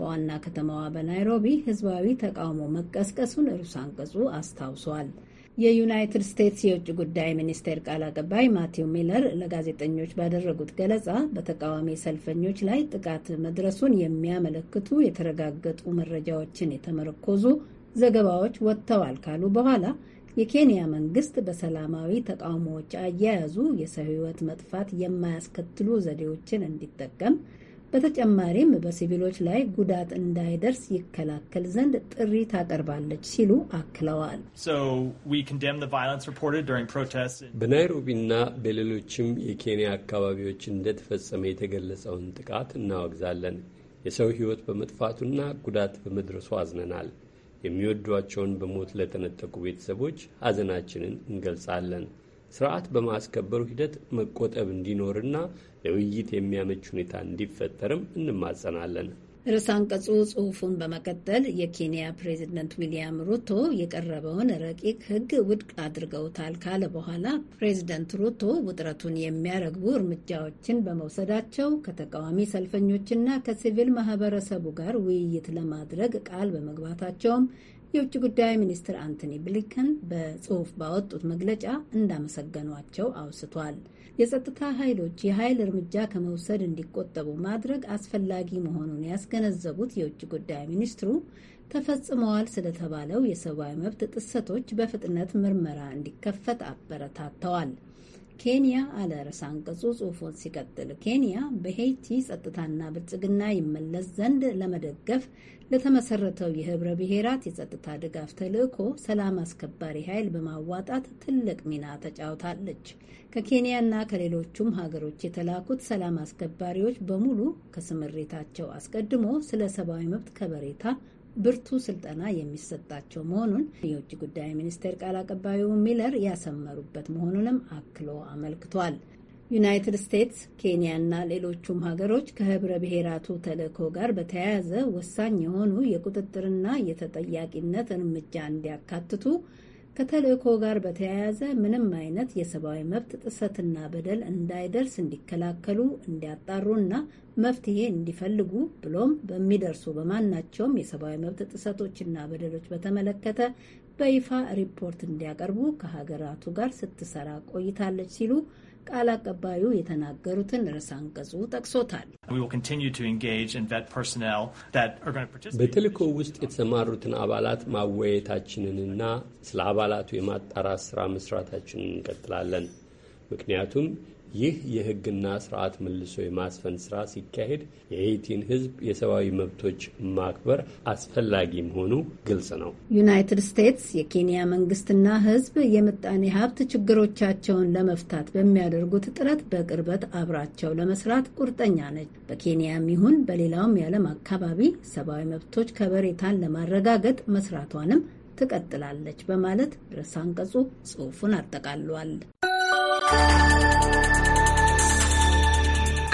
በዋና ከተማዋ በናይሮቢ ሕዝባዊ ተቃውሞ መቀስቀሱን ርዕሰ አንቀጹ አስታውሷል። የዩናይትድ ስቴትስ የውጭ ጉዳይ ሚኒስቴር ቃል አቀባይ ማቲው ሚለር ለጋዜጠኞች ባደረጉት ገለጻ በተቃዋሚ ሰልፈኞች ላይ ጥቃት መድረሱን የሚያመለክቱ የተረጋገጡ መረጃዎችን የተመረኮዙ ዘገባዎች ወጥተዋል ካሉ በኋላ የኬንያ መንግስት በሰላማዊ ተቃውሞዎች አያያዙ የሰው ሕይወት መጥፋት የማያስከትሉ ዘዴዎችን እንዲጠቀም በተጨማሪም በሲቪሎች ላይ ጉዳት እንዳይደርስ ይከላከል ዘንድ ጥሪ ታቀርባለች ሲሉ አክለዋል። በናይሮቢና በሌሎችም የኬንያ አካባቢዎች እንደተፈጸመ የተገለጸውን ጥቃት እናወግዛለን። የሰው ሕይወት በመጥፋቱና ጉዳት በመድረሱ አዝነናል። የሚወዷቸውን በሞት ለተነጠቁ ቤተሰቦች ሐዘናችንን እንገልጻለን። ስርዓት በማስከበሩ ሂደት መቆጠብ እንዲኖርና ለውይይት የሚያመች ሁኔታ እንዲፈጠርም እንማጸናለን። ርዕሰ አንቀጹ ጽሑፉን በመቀጠል የኬንያ ፕሬዚደንት ዊሊያም ሩቶ የቀረበውን ረቂቅ ሕግ ውድቅ አድርገውታል ካለ በኋላ ፕሬዚደንት ሩቶ ውጥረቱን የሚያረግቡ እርምጃዎችን በመውሰዳቸው ከተቃዋሚ ሰልፈኞችና ከሲቪል ማህበረሰቡ ጋር ውይይት ለማድረግ ቃል በመግባታቸውም የውጭ ጉዳይ ሚኒስትር አንቶኒ ብሊንከን በጽሑፍ ባወጡት መግለጫ እንዳመሰገኗቸው አውስቷል። የጸጥታ ኃይሎች የኃይል እርምጃ ከመውሰድ እንዲቆጠቡ ማድረግ አስፈላጊ መሆኑን ያስገነዘቡት የውጭ ጉዳይ ሚኒስትሩ ተፈጽመዋል ስለተባለው የሰብአዊ መብት ጥሰቶች በፍጥነት ምርመራ እንዲከፈት አበረታተዋል። ኬንያ አለ ርዕሰ አንቀጹ ጽሑፉን ሲቀጥል፣ ኬንያ በሄይቲ ጸጥታና ብልጽግና ይመለስ ዘንድ ለመደገፍ ለተመሰረተው የህብረ ብሔራት የጸጥታ ድጋፍ ተልዕኮ ሰላም አስከባሪ ኃይል በማዋጣት ትልቅ ሚና ተጫውታለች። ከኬንያና ከሌሎቹም ሀገሮች የተላኩት ሰላም አስከባሪዎች በሙሉ ከስምሪታቸው አስቀድሞ ስለ ሰብአዊ መብት ከበሬታ ብርቱ ስልጠና የሚሰጣቸው መሆኑን የውጭ ጉዳይ ሚኒስቴር ቃል አቀባዩ ሚለር ያሰመሩበት መሆኑንም አክሎ አመልክቷል። ዩናይትድ ስቴትስ፣ ኬንያና ሌሎቹም ሀገሮች ከህብረ ብሔራቱ ተልእኮ ጋር በተያያዘ ወሳኝ የሆኑ የቁጥጥርና የተጠያቂነት እርምጃ እንዲያካትቱ ከተልእኮ ጋር በተያያዘ ምንም አይነት የሰብአዊ መብት ጥሰትና በደል እንዳይደርስ እንዲከላከሉ እንዲያጣሩና መፍትሄ እንዲፈልጉ ብሎም በሚደርሱ በማናቸውም የሰብአዊ መብት ጥሰቶችና በደሎች በተመለከተ በይፋ ሪፖርት እንዲያቀርቡ ከሀገራቱ ጋር ስትሰራ ቆይታለች ሲሉ ቃል አቀባዩ የተናገሩትን ርዕስ አንቀጹ ጠቅሶታል። በቴሌኮ ውስጥ የተሰማሩትን አባላት ማወያየታችንንና ስለ አባላቱ የማጣራት ስራ መስራታችንን እንቀጥላለን። ምክንያቱም ይህ የህግና ስርዓት መልሶ የማስፈን ስራ ሲካሄድ የሄይቲን ህዝብ የሰብአዊ መብቶች ማክበር አስፈላጊ መሆኑ ግልጽ ነው። ዩናይትድ ስቴትስ የኬንያ መንግስትና ህዝብ የምጣኔ ሀብት ችግሮቻቸውን ለመፍታት በሚያደርጉት ጥረት በቅርበት አብራቸው ለመስራት ቁርጠኛ ነች። በኬንያም ይሁን በሌላውም የዓለም አካባቢ ሰብአዊ መብቶች ከበሬታን ለማረጋገጥ መስራቷንም ትቀጥላለች በማለት ርዕሰ አንቀጹ ጽሑፉን አጠቃልሏል።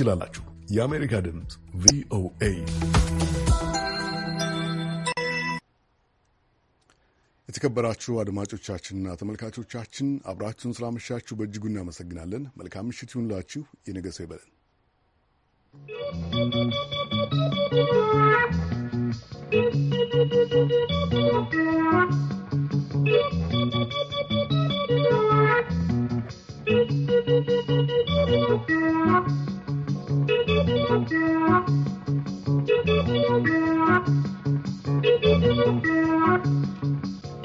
ትችላላችሁ። የአሜሪካ ድምፅ ቪኦኤ የተከበራችሁ አድማጮቻችንና ተመልካቾቻችን አብራችሁን ስላመሻችሁ በእጅጉ እናመሰግናለን። መልካም ምሽት ይሁንላችሁ። የነገ ሰው ይበለን።